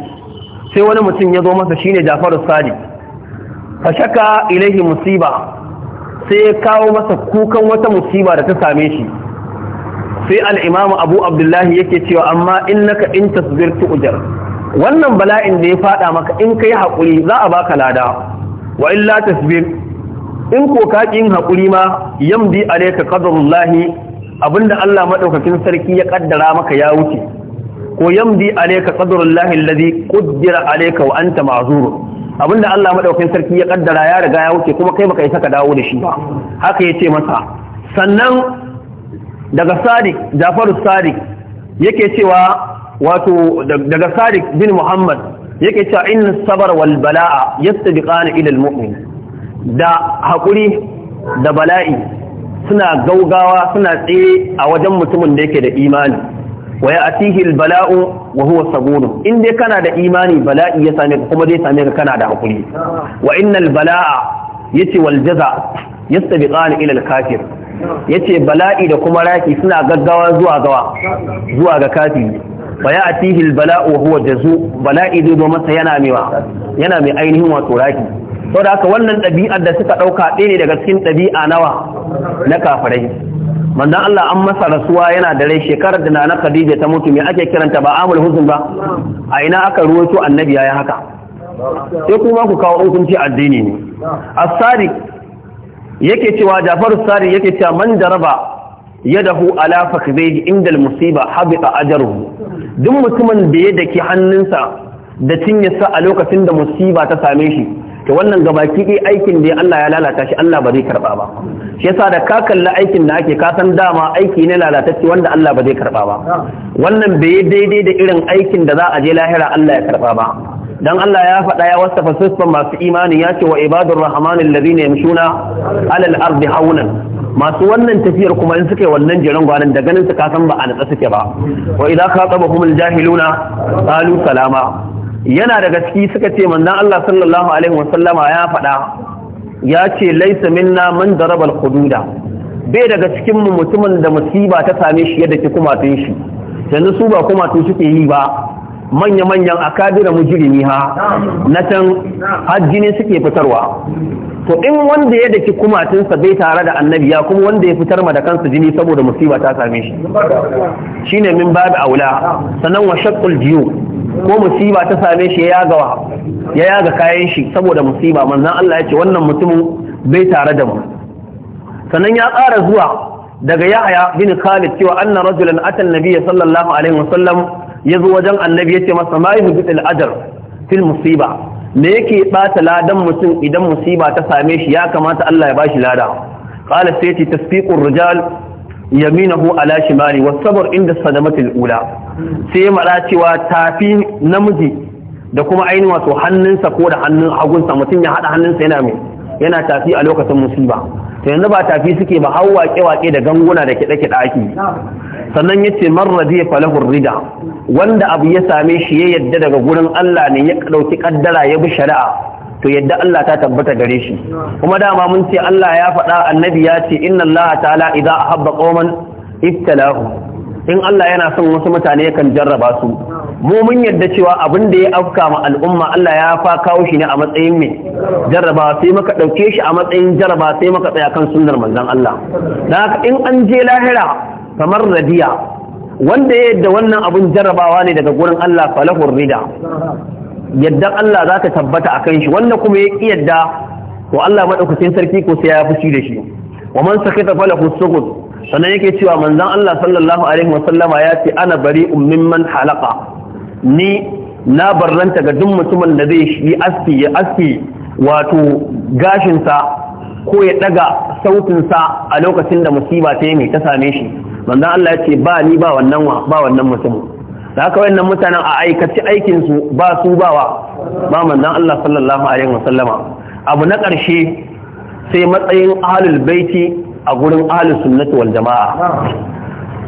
sai wani mutum ya zo masa shine jafaru sadi fa shaka ilaihi musiba sai ya kawo masa kukan wata musiba da ta same shi sai al-imamu abu abdullahi yake cewa amma innaka in tasbir tu'jar wannan bala'in da ya fada maka in kai haƙuri za a baka lada wa illa tasbir in ko ka yin haƙuri ma yamdi alayka qadarullahi abinda Allah madaukakin sarki ya kaddara maka ya wuce ko yamdi alayka qadarullahi alladhi qaddara alayka wa anta ma'zur abinda Allah madaukakin sarki ya kaddara ya riga ya wuce kuma kai baka yi saka dawo da shi ba haka yace masa sannan daga Sadiq Jafaru Sadiq yake cewa wato daga Sadiq bin Muhammad yake cewa inna sabar wal bala'a yastabiqana ila al-mu'min da haƙuri da bala'i suna gaugawa suna tsaye a wajen mutumin da yake da imani wa ya bala'u wa huwa saburu in dai kana da imani bala'i ya same ka kuma zai same ka kana da haƙuri wa innal bala'a yace wal jaza yastabiqan ila al kafir yace bala'i da kuma raki suna gaggawa zuwa gawa zuwa ga kafiri fa ya bala'u wa huwa jazu bala'i do zo masa yana mai yana mai ainihin wato raki Sau da haka wannan ɗabi'ar da suka ɗauka ɗaya ne daga cikin ɗabi'a nawa na kafirai manzon Allah an masa rasuwa yana da rai shekarar da na Khadija ta mutu me ake kiranta ba amul huzun ba a ina aka ruwaito annabi yayi haka sai kuma ku kawo hukunci addini ne as-sadiq yake cewa Jafar as-sadiq yake cewa man jaraba yadahu ala fakhdhihi inda al-musiba habita ajruhu duk mutumin da ya daki hannunsa da sa a lokacin da musiba ta same shi to wannan gabaki ɗaya aikin da Allah ya lalata shi Allah ba zai karɓa ba shi yasa da ka kalli aikin da ake ka san dama aiki ne lalatacce wanda Allah ba zai karɓa ba wannan bai yi daidai da irin aikin da za a je lahira Allah ya karɓa ba dan Allah ya faɗa ya wasafa siffan masu imani ya ce wa ibadur rahman alladhina yamshuna alal ardi hawlan masu wannan tafiyar kuma in suka yi wannan jiran gwanin da ganin su ka san ba a natsa suke ba wa idza khatabahum aljahiluna qalu salama yana da ciki suka ce manzon Allah sallallahu alaihi wasallama ya faɗa ya ce laisa minna man daraba al bai daga cikin mu mutumin da musiba ta same shi yadda ki kuma tun shi yanzu su ba kuma tun suke yi ba manya-manyan akabira mujrimi ha na can hajji ne suke fitarwa to in wanda ya daki sa bai tare da annabi ya kuma wanda ya fitar ma da kansa jini saboda musiba ta same shi shine min babu aula sanan wa shaqqul jiyu ko musiba ta same shi ya ya yaga kayan shi saboda musiba manzan Allah ya ce wannan mutumin bai tare da mu sannan ya ƙara zuwa daga Yahya bin Khalid cewa anna rajulan ata annabi sallallahu alaihi wasallam yazo wajen annabi yace masa ma yuhbil ajr fil musiba me yake bata ladan mutum idan musiba ta same shi ya kamata Allah ya bashi lada qala sayti tasfiqur rijal yaminahu ala shimali was sabr inda sadamatil ula sai ya mara cewa tafi namiji da kuma ainihin wato hannunsa ko da hannun hagunsa mutum ya haɗa hannunsa yana mai yana tafi a lokacin musiba to yanzu ba tafi suke ba har waƙe-waƙe da ganguna da kiɗe-kiɗe ake sannan ya ce marar zai falahun rida wanda abu ya same shi ya yadda daga gurin Allah ne ya ɗauki ƙaddara ya bi shari'a to yadda Allah ta tabbata gare shi kuma dama mun ce Allah ya faɗa annabi ya ce inna Allah ta'ala idza ahabba qauman ibtalahu in Allah yana son wasu mutane kan jarraba su mu mun yadda cewa abin da ya afka ma al'umma Allah ya fa kawo shi ne a matsayin mai jarraba sai muka ɗauke shi a matsayin jarraba sai muka tsaya kan sunnar manzon Allah dan haka in an je lahira kamar radiya wanda ya yadda wannan abin jarrabawa ne daga gurin Allah falahur rida yaddan Allah za ta tabbata akan shi wanda kuma ya yadda to Allah madaukakin sarki ko sai ya fushi da shi wa man sakata falahu sughud sannan yake cewa manzan Allah sallallahu alaihi wasallama ya ce ana bari man halaka ni na barranta ga duk mutumin da zai yi aski ya aski wato gashinsa ko ya daga sautinsa a lokacin da musiba ta yi ta same shi manzan Allah ya ce ba ni ba wannan wa ba wannan mutum da haka wannan mutanen a aikace aikinsu su ba su bawa ba manzan Allah sallallahu alaihi wasallama abu na ƙarshe sai matsayin ahlul baiti a gurin ahlus sunnati wal jama'a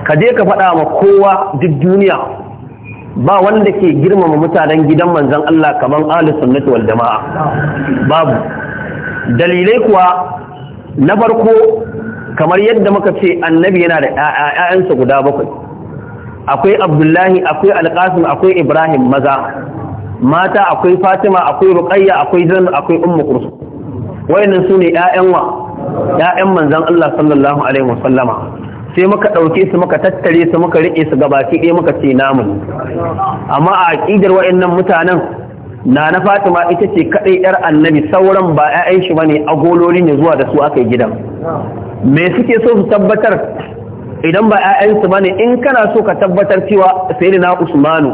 ka je ka faɗa ma kowa duk duniya ba wanda ke girmama mutanen gidan manzon Allah kaman ahlus sunnati wal jama'a babu dalilai kuwa na farko kamar yadda muka ce annabi yana da ƴaƴansa guda bakwai akwai abdullahi akwai alƙasim akwai ibrahim maza mata akwai fatima akwai ruqayya akwai zainab akwai ummu kulsum wayannan su ne ‘ya'yan wa ‘ya'yan manzan Allah sallallahu Alaihi wasallama sai muka ɗauke su muka tattare su muka riƙe su gabaki ɗaya muka ce namun amma a aƙidar wayannan mutanen na na fatima ita ce kaɗai ‘yar annabi sauran ba ‘ya'yan shi ba ne gololi ne zuwa da su aka yi gidan me suke so su tabbatar idan ba ‘ya'yansu ba ne in kana so ka tabbatar cewa sai usmanu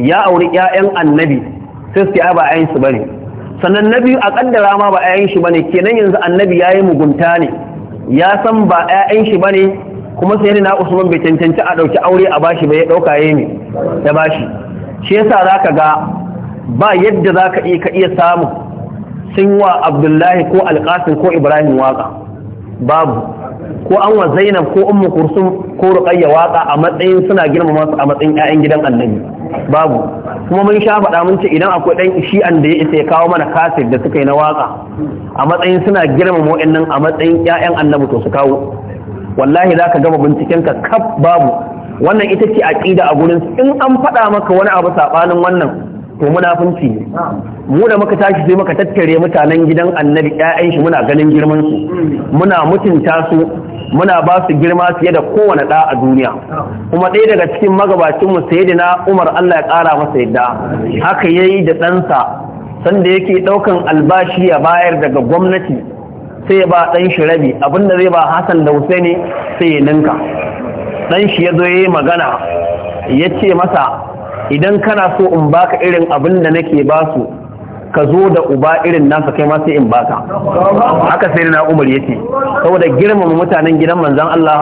ya auri ‘ya'yan annabi sai su ba su ba ne sannan na biyu a kaddara ma ba 'ya'yan shi bane kenan yanzu annabi yayi mugunta ne ya san ba 'ya'yan shi bane kuma sai na Usman bai cancanci a ɗauki aure a bashi ba ya dauka yayi ne da bashi shi yasa zaka ga ba yadda zaka ka iya samu sun wa Abdullahi ko Alƙasim ko Ibrahim waƙa babu ko an wa zainab ko ummu kursum ko ruqayya waka a matsayin suna girmama su a matsayin ƴaƴan gidan annabi babu kuma mun sha faɗa mun ce idan akwai ɗan an da ya isa ya kawo mana kasir da suka yi na waka a matsayin suna girmama wa'annan a matsayin ƴaƴan annabi to su kawo wallahi zaka gama binciken ka kaf babu wannan ita ce aqida a gurin in an faɗa maka wani abu sabanin wannan to munafunci ne mu da muka tashi sai muka tattare mutanen gidan annabi ƴaƴan shi muna ganin girman su muna mutunta su muna ba su girma fiye da kowane ɗa a duniya kuma ɗaya daga cikin magabacin mu sayyidina Umar Allah ya ƙara masa yadda haka yayi da ɗansa sanda yake ɗaukan albashi ya bayar daga gwamnati sai ya ba ɗan shi rabi abinda zai ba Hassan da Husaini sai ya ninka ɗan shi ya zo yayi magana ya ce masa idan kana so in baka irin abin da nake ba su ka zo da uba irin nasa kai ma sai in baka haka sai na umar yace saboda girmama mutanen gidan manzon Allah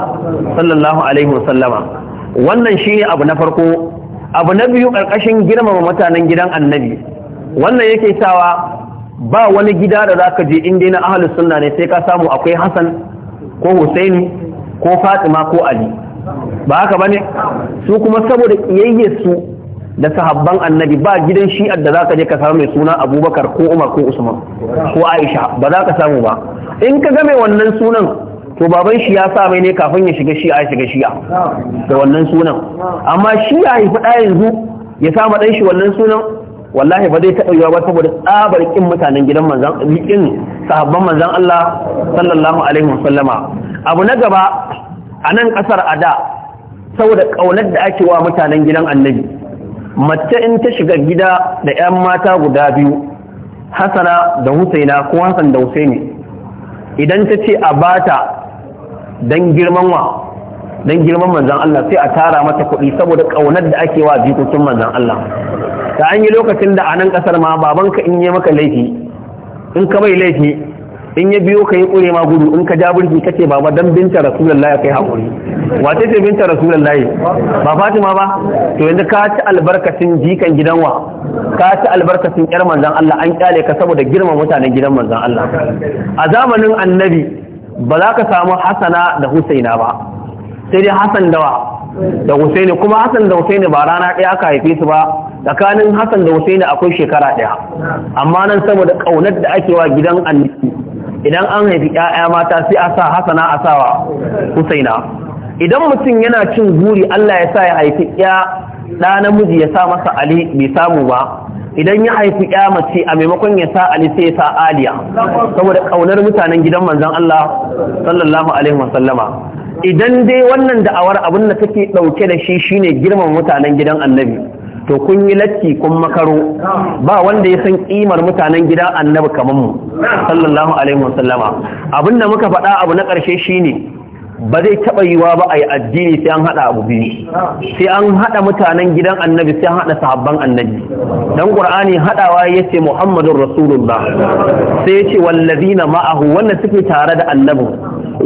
sallallahu alaihi wasallama wannan shine abu na farko abu na biyu karkashin girmama mutanen gidan annabi wannan yake sawa ba wani gida da za ka je inda na ahlus sunna ne sai ka samu akwai Hassan ko Husaini ko Fatima ko Ali ba haka bane su kuma saboda kiyayye su da sahabban annabi ba gidan shi'ar da zaka je ka samu mai suna abubakar ko umar ko usman ko aisha ba za ka samu ba in ka ga mai wannan sunan to baban shi ya sa mai ne kafin ya shiga shi'a shiga shi'a da wannan sunan amma shi ya ɗa yanzu ya sa ɗan shi wannan sunan wallahi ba zai taɓa yiwa ba saboda tsabar kin mutanen gidan manzan ƙin sahabban manzan Allah sallallahu alaihi wasallama abu na gaba a nan ƙasar a da saboda ƙaunar da ake wa mutanen gidan annabi mace in ta shiga gida da 'yan mata guda biyu hasana da husaina ko hasan da husaini idan ta ce a bata don girman wa don girman manzan Allah sai a tara mata kuɗi saboda ƙaunar da ake wa jikokin manzan Allah ta an yi lokacin da a nan ƙasar ma babanka in yi maka laifi in ka bai laifi in ya biyo ka yi kure ma gudu in ka ja burki ce baba dan binta rasulullahi kai hakuri wace ce binta rasulullahi ba fatima ba to yanzu ka ci albarkacin jikan gidan wa ka ci albarkacin yar manzan Allah an kyale ka saboda girman mutanen gidan manzon Allah a zamanin annabi ba za ka samu hasana da husaina ba sai dai hasan dawa da husaini kuma hasan da husaini ba rana ɗaya aka haife su ba tsakanin hasan da husaini akwai shekara ɗaya amma nan saboda ƙaunar da ake wa gidan annabi idan an haifi ƴaƴa mata sai a sa hasana a sawa husaina idan mutum yana cin guri Allah ya sa ya haifi ƴa ɗa namiji ya sa masa ali bai samu ba idan ya haifi ƴa mace a maimakon ya sa ali sai ya sa aliya saboda ƙaunar mutanen gidan manzon Allah sallallahu alaihi wasallama idan dai wannan da'awar abin da take ɗauke da shi shine girman mutanen gidan annabi to kun yi latti kun makaro ba wanda ya san kimar mutanen gida annabi kamar mu sallallahu alaihi wasallama abinda muka faɗa abu na ƙarshe shine ba zai taɓa yiwa ba a yi addini sai an haɗa abu biyu sai an haɗa mutanen gidan annabi sai an haɗa sahabban annabi dan qur'ani haɗawa ya ce muhammadun rasulullah sai ya ce wallazina ma'ahu wanda suke tare da annabi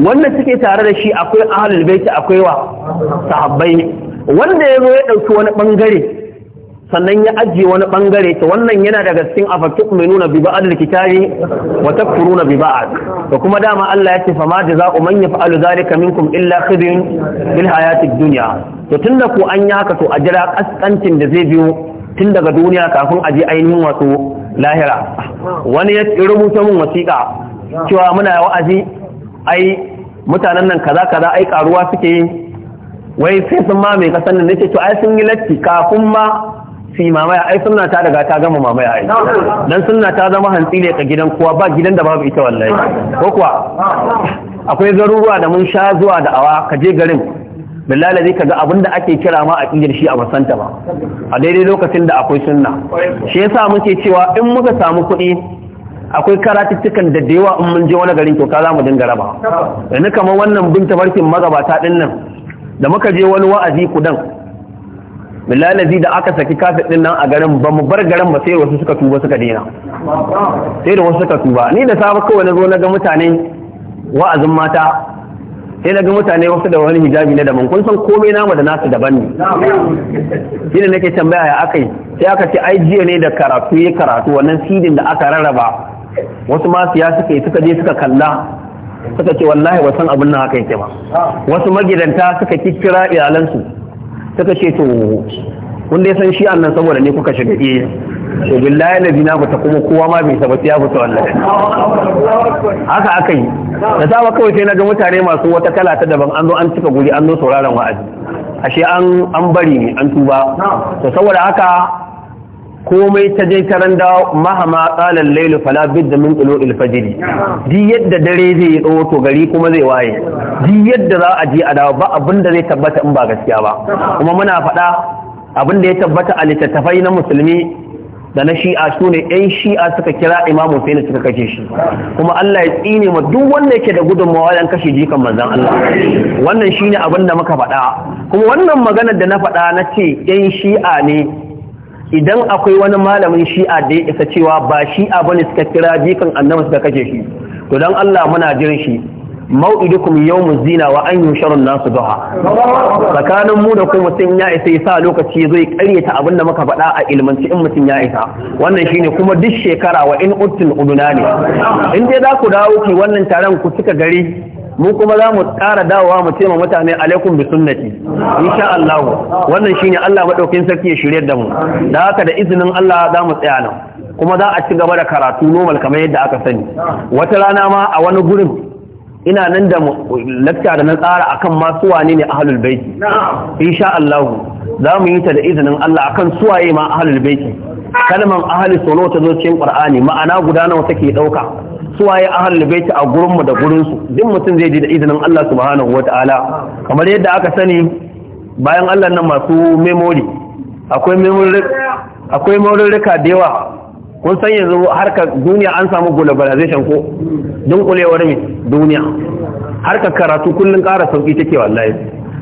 wanda suke tare da shi akwai ahlul baiti akwai wa sahabbai wanda ya zo ya ɗauki wani ɓangare sannan ya ajiye wani bangare To wannan yana daga cikin afatu'minuna bi ba'd kitabi wa takfuruna bi ba'd to kuma dama Allah ya ce fa ma jazaa'u man yaf'alu dhalika minkum illa khizyun bil hayatid dunya to tunda ko an yi haka to a jira kaskancin da zai biyo tun daga duniya kafin a je ainihin wato lahira wani ya rubuta mun wasiƙa cewa muna wa'azi ai mutanen nan kaza kaza ai karuwa suke yi wai sai sun ma mai kasan nan nace to ai sun yi latti kafin ma su mamaya ai sunna ta daga ta gama mamaya ai dan sunna ta zama hantsi ne ka gidan kowa ba gidan da babu ita wallahi ko kuwa akwai garuruwa da mun sha zuwa da awa ka je garin billahi zai kaga abin da ake kira ma a kingir shi a basanta ba a daidai lokacin da akwai sunna shi yasa muke cewa in muka samu kuɗi akwai karatuttukan da da yawa in mun je wani garin kyauta za mu dinga raba yanzu kamar wannan bin tabarkin magabata din nan da muka je wani wa'azi kudan bilalazi da aka saki kafet din nan a garin ba mu bar garin ba sai wasu suka tuba suka daina sai da wasu suka tuba ni da safe kawai na zo na ga mutane wa'azin mata sai na ga mutane wasu da wani hijabi na daban kun san komai nama da nasu daban ne shi ne nake tambaya ya aka yi sai aka ce ai jiya ne da karatu ya karatu wannan sidin da aka rarraba wasu ma siya suka yi suka je suka kalla suka ce wallahi wasan abin nan haka yake ba wasu magidanta suka kikkira iyalansu suka ce to kun dai san shi annan saboda ne kuka shiga iya to billahi lazi na ta kuma kowa ma bai sabata ya fita Allah haka aka yi da dama kawai sai na ga mutane masu wata kala ta daban an zo an cika guri an zo sauraron wa'azi ashe an an bari ne an tuba to saboda haka komai ta je karan da mahama tsalan lailu fala da min tsilo ilfajiri di yadda dare zai yi tsawo to gari kuma zai waye di yadda za a je a dawo ba abin da zai tabbata in ba gaskiya ba kuma muna faɗa abin da ya tabbata a littattafai na musulmi da na shi'a su ne ‘yan shi'a suka kira imam Hussein suka kashe shi kuma Allah ya tsine ma duk wanda yake da gudunmawa wajen kashe jikan manzan Allah wannan shine abin da muka faɗa kuma wannan maganar da na faɗa na ce ‘yan shi'a ne idan akwai wani malamin shi'a da ya isa cewa ba shi'a ne suka kira jikan annabi suka kashe shi to dan Allah muna jiran shi mau'idukum mu zina wa an yusharu nasu duha tsakanin mu da kai mutum ya isa sa lokaci ya zo ya karyata abin da muka faɗa a ilmanci in mutum ya isa wannan shine kuma duk shekara wa in uttul uduna ne in dai za ku dawo ki wannan taron ku cika gari mu kuma za mu ƙara dawowa mu ce ma mutane alaikum bi sunnati insha Allah wannan shine Allah madaukin sarki ya shirye da mu da haka da izinin Allah za mu tsaya nan kuma za a ci gaba da karatu normal kamar yadda aka sani wata rana ma a wani gurin ina nan da lakta da na tsara akan ma suwane ne ahlul baiti insha Allah za mu yi ta da izinin Allah akan suwaye ma ahlul baiti Kalman ahli sunna ta zo cikin qur'ani ma'ana guda nawa take dauka suwaye ahal bait a gurin da gurinsu. su duk mutum zai ji da izinin Allah subhanahu Ta'ala. kamar yadda aka sani bayan Allah nan masu memory akwai memory akwai da yawa kun san yanzu harka duniya an samu globalization ko kulewar mai duniya harka karatu kullun ƙara sauki take wallahi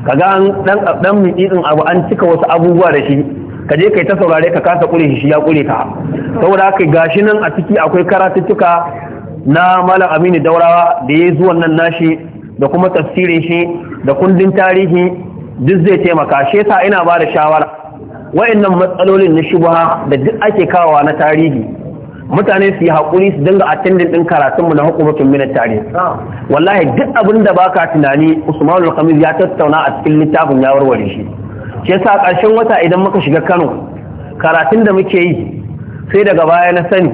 kaga an dan dan abu an cika wasu abubuwa da shi ka je kai ta saurare ka kasa kure shi ya kure ka saboda haka gashi nan a ciki akwai karatuttuka na malam aminu daurawa da ya zuwan nan nashi da kuma tafsirin shi da kundin tarihi duk zai taimaka shi yasa ina ba da shawara wa'annan matsalolin na shubha da duk ake kawowa na tarihi mutane su yi haƙuri su dinga attendin ɗin karatunmu na hukumatun minar tarihi wallahi duk abin da baka tunani usman al ya tattauna a cikin littafin ya warware shi shi yasa ƙarshen wata idan muka shiga kano karatun da muke yi sai daga baya na sani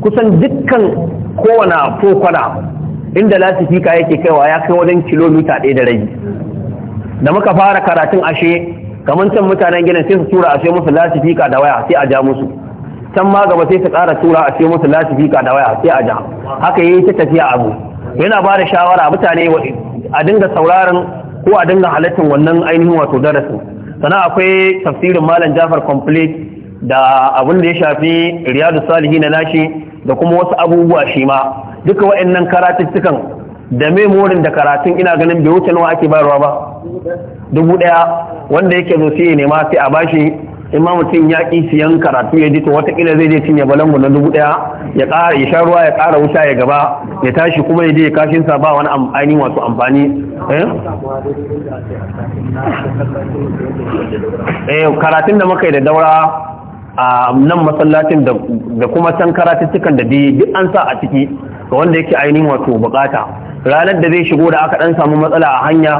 kusan dukkan kowane kokwana inda latifika yake kaiwa ya kai wajen kilomita ɗaya da rai, da muka fara karatun ashe kamar can mutanen ginin sai su tura ashe musu latifika da waya sai a ja musu can ma gaba sai su ƙara tura ashe musu latifika da waya sai a ja haka yi ta tafiya abu yana ba da shawara mutane a dinga sauraron ko a dinga halittar wannan ainihin wato darasin sana akwai tafsirin malam jafar complete da abin da ya shafi riyadu salihi na nashi da kuma wasu abubuwa shi ma duka wa'annan karatuttukan da memorin da karatun ina ganin bai wuce nawa ake bayarwa ba dubu ɗaya wanda yake zo sai ya nema sai a bashi in ma mutum ya ƙi siyan karatu ya ji to watakila zai je cinye balangu na dubu ɗaya ya ƙara ya sha ruwa ya ƙara wuta ya gaba ya tashi kuma ya je ya kashin sa ba wani ainihin wasu amfani eh? eh karatun da muka yi da daura a nan masallacin da kuma can karatuttukan da duk an sa a ciki ga wanda yake ainihin wato bukata ranar da zai shigo da aka dan samu matsala a hanya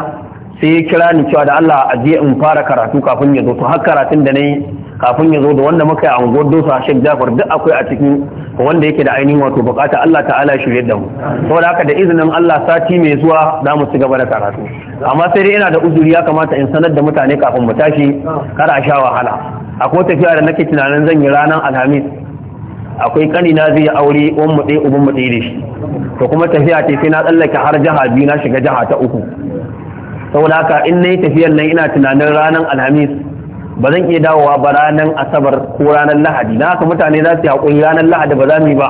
sai ya kira ni cewa da Allah a je in fara karatu kafin ya zo to har karatun da nayi kafin ya zo da wanda muka yi a unguwar dosa Sheikh Jafar duk akwai a cikin wanda yake da ainihin wato bukata Allah ta'ala shirye da mu saboda haka da izinin Allah sati mai zuwa za mu ci gaba da karatu amma sai dai ina da uzuri ya kamata in sanar da mutane kafin mu tashi kar a sha wahala akwai tafiya da nake tunanin zan yi ranar alhamis akwai kani na zai aure wani mutse ubin mutse da shi to kuma tafiya ce sai na tsallake har jiha biyu na shiga jiha ta uku saboda haka in na yi tafiyar nan ina tunanin ranar alhamis ba zan iya dawowa ba ranar asabar ko ranar lahadi na haka mutane za su haƙuri ranar lahadi ba za mu yi ba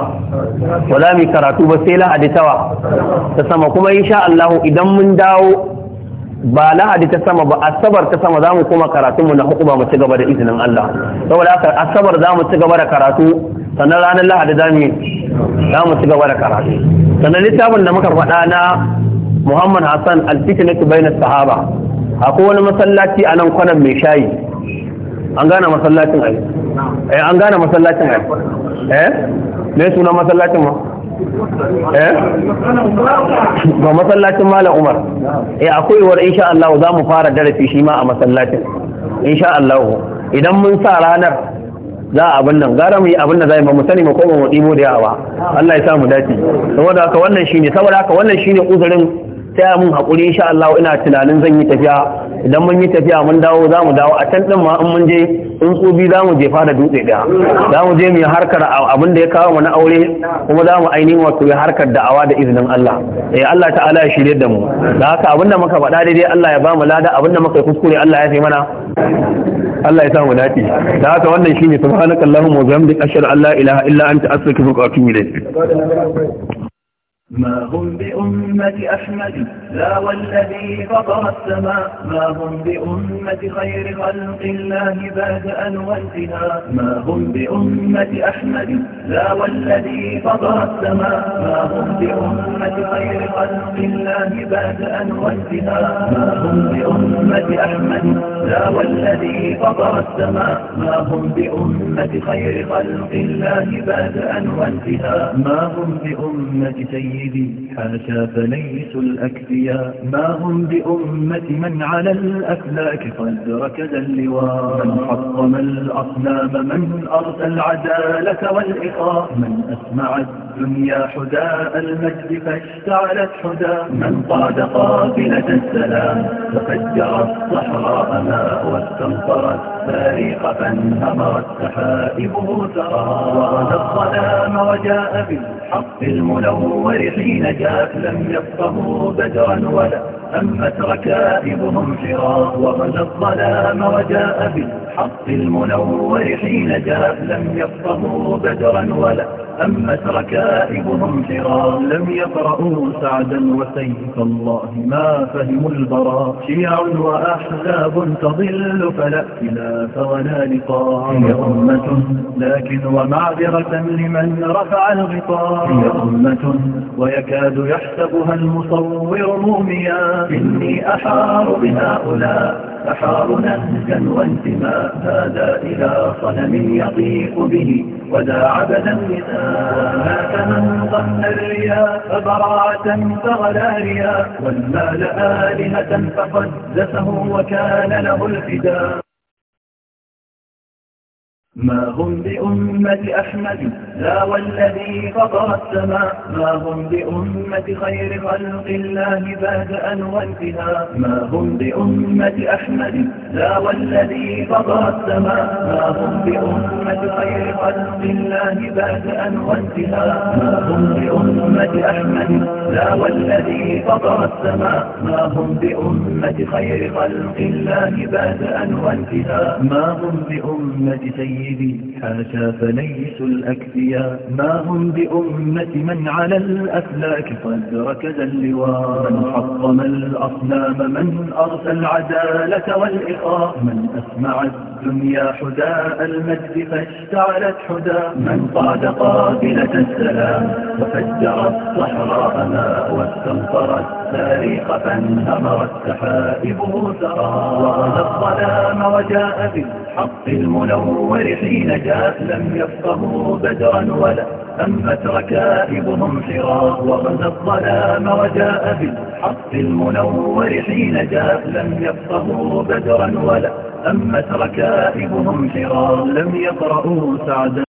ba za mu yi karatu ba sai lahadi tawa ta sama kuma insha Allah idan mun dawo ba lahadi ta sama ba asabar ta sama zamu koma karatu mu na hukuma mu ci gaba da izinin Allah saboda haka asabar zamu ci gaba da karatu sannan ranar lahadi zamu zamu ci gaba da karatu sannan littafin da muka faɗa na Muhammad Hassan al-Fitnatu bainas sahaba akwai wani masallaci a nan kwanan mai shayi an gane masallacin ai eh an gane masallacin ai eh me sunan masallacin ma ba eh? masallacin malam umar ya eh, akwai war insha Allah za mu fara darasi shi ma a masallacin insha Allah idan mun sa ranar za a abin nan gara mu yi abin da zai ba mu sani mu koma mu dimo da yawa Allah ya sa mu dace saboda haka wannan shine saboda haka wannan shine uzurin taya mun haƙuri insha Allah ina tunanin zan yi tafiya idan mun yi tafiya mun dawo za mu dawo a can ɗin ma in mun je in tsubi za mu jefa da dutse ɗaya za mu je mu yi harkar abin da ya kawo mu na aure kuma za mu ainihin wato yi harkar da'awa da izinin Allah eh Allah ta'ala ya shirye da mu da haka abin da muka faɗa daidai Allah ya ba mu lada abin da muka yi kuskure Allah ya fi mana Allah ya sa mu dace da haka wannan shine subhanakallahumma wa bihamdika ashhadu an la ilaha illa anta astaghfiruka wa atubu ilayk ما هم بأمة أحمد لا والذي فطر السماء ما هم بأمة خير خلق الله أن وانتهاء ما هم بأمة أحمد لا والذي فطر السماء ما هم بأمة خير خلق الله أن وانتهاء ما هم بأمة أحمد لا والذي فطر السماء ما هم بأمة خير خلق الله أن وانتهاء ما هم بأمة سيد سيدي حاشا فليس الأكفياء ما هم بأمة من على الأفلاك قد ركز اللواء من حطم الأصنام من أرسى العدالة والإقاء من أسمع الدنيا حداء المجد فاشتعلت حدا من قاد قافلة السلام ففجر الصحراء ماء واستمطرت فريق فانهمرت سحائبه سرى ورد الظلام وجاء بالحق المنور حين جاء لم يفقهوا بدرا ولا همت ركائبهم حرا وغدا الظلام وجاء بالحق المنور حين جاء لم يفقهوا بدرا ولا همت ركائبهم حرا لم يقرأوا سعدا وسيف الله ما فهموا البراء شيع وأحزاب تضل فلا إله فولا لقاء هي أمة لكن ومعذرة لمن رفع الغطاء هي أمة ويكاد يحسبها المصور موميا إني أحار بهؤلاء أحار نهجا وانتماء هذا إلى صنم يطيق به وذا عبدا نساء هاك من ضمن الرياء فبراعة فغلا رياء والمال آلهة فقدسه وكان له الفداء ما هم بأمة أحمد لا والذي فطر السماء ما هم بأمة خير خلق الله بعد أن وانتهى ما هم بأمة أحمد لا والذي فطر السماء ما هم بأمة خير خلق الله بعد أن وانتهى ما هم بأمة أحمد لا والذي فطر السماء ما هم بأمة خير خلق الله أن وانتهى ما هم بأمة سيد سيدي حاشا فليس الأكفياء ما هم بأمة من على الأفلاك قد ركز اللواء من حطم الأصنام من أرسى العدالة والإخاء من أسمع الدنيا حداء المجد فاشتعلت حدا من قاد قافلة السلام وفجر الصحراء ماء واستنصرت التاريخ فانهمرت سحائبه سرى وأهى الظلام وجاء بالحق المنور حين جاء لم يفقهوا بدرا ولا أمت ركائبهم حرا وغزى الظلام وجاء بالحق المنور حين جاء لم يفقهوا بدرا ولا أمت ركائبهم حرا لم يقرؤوا سعدا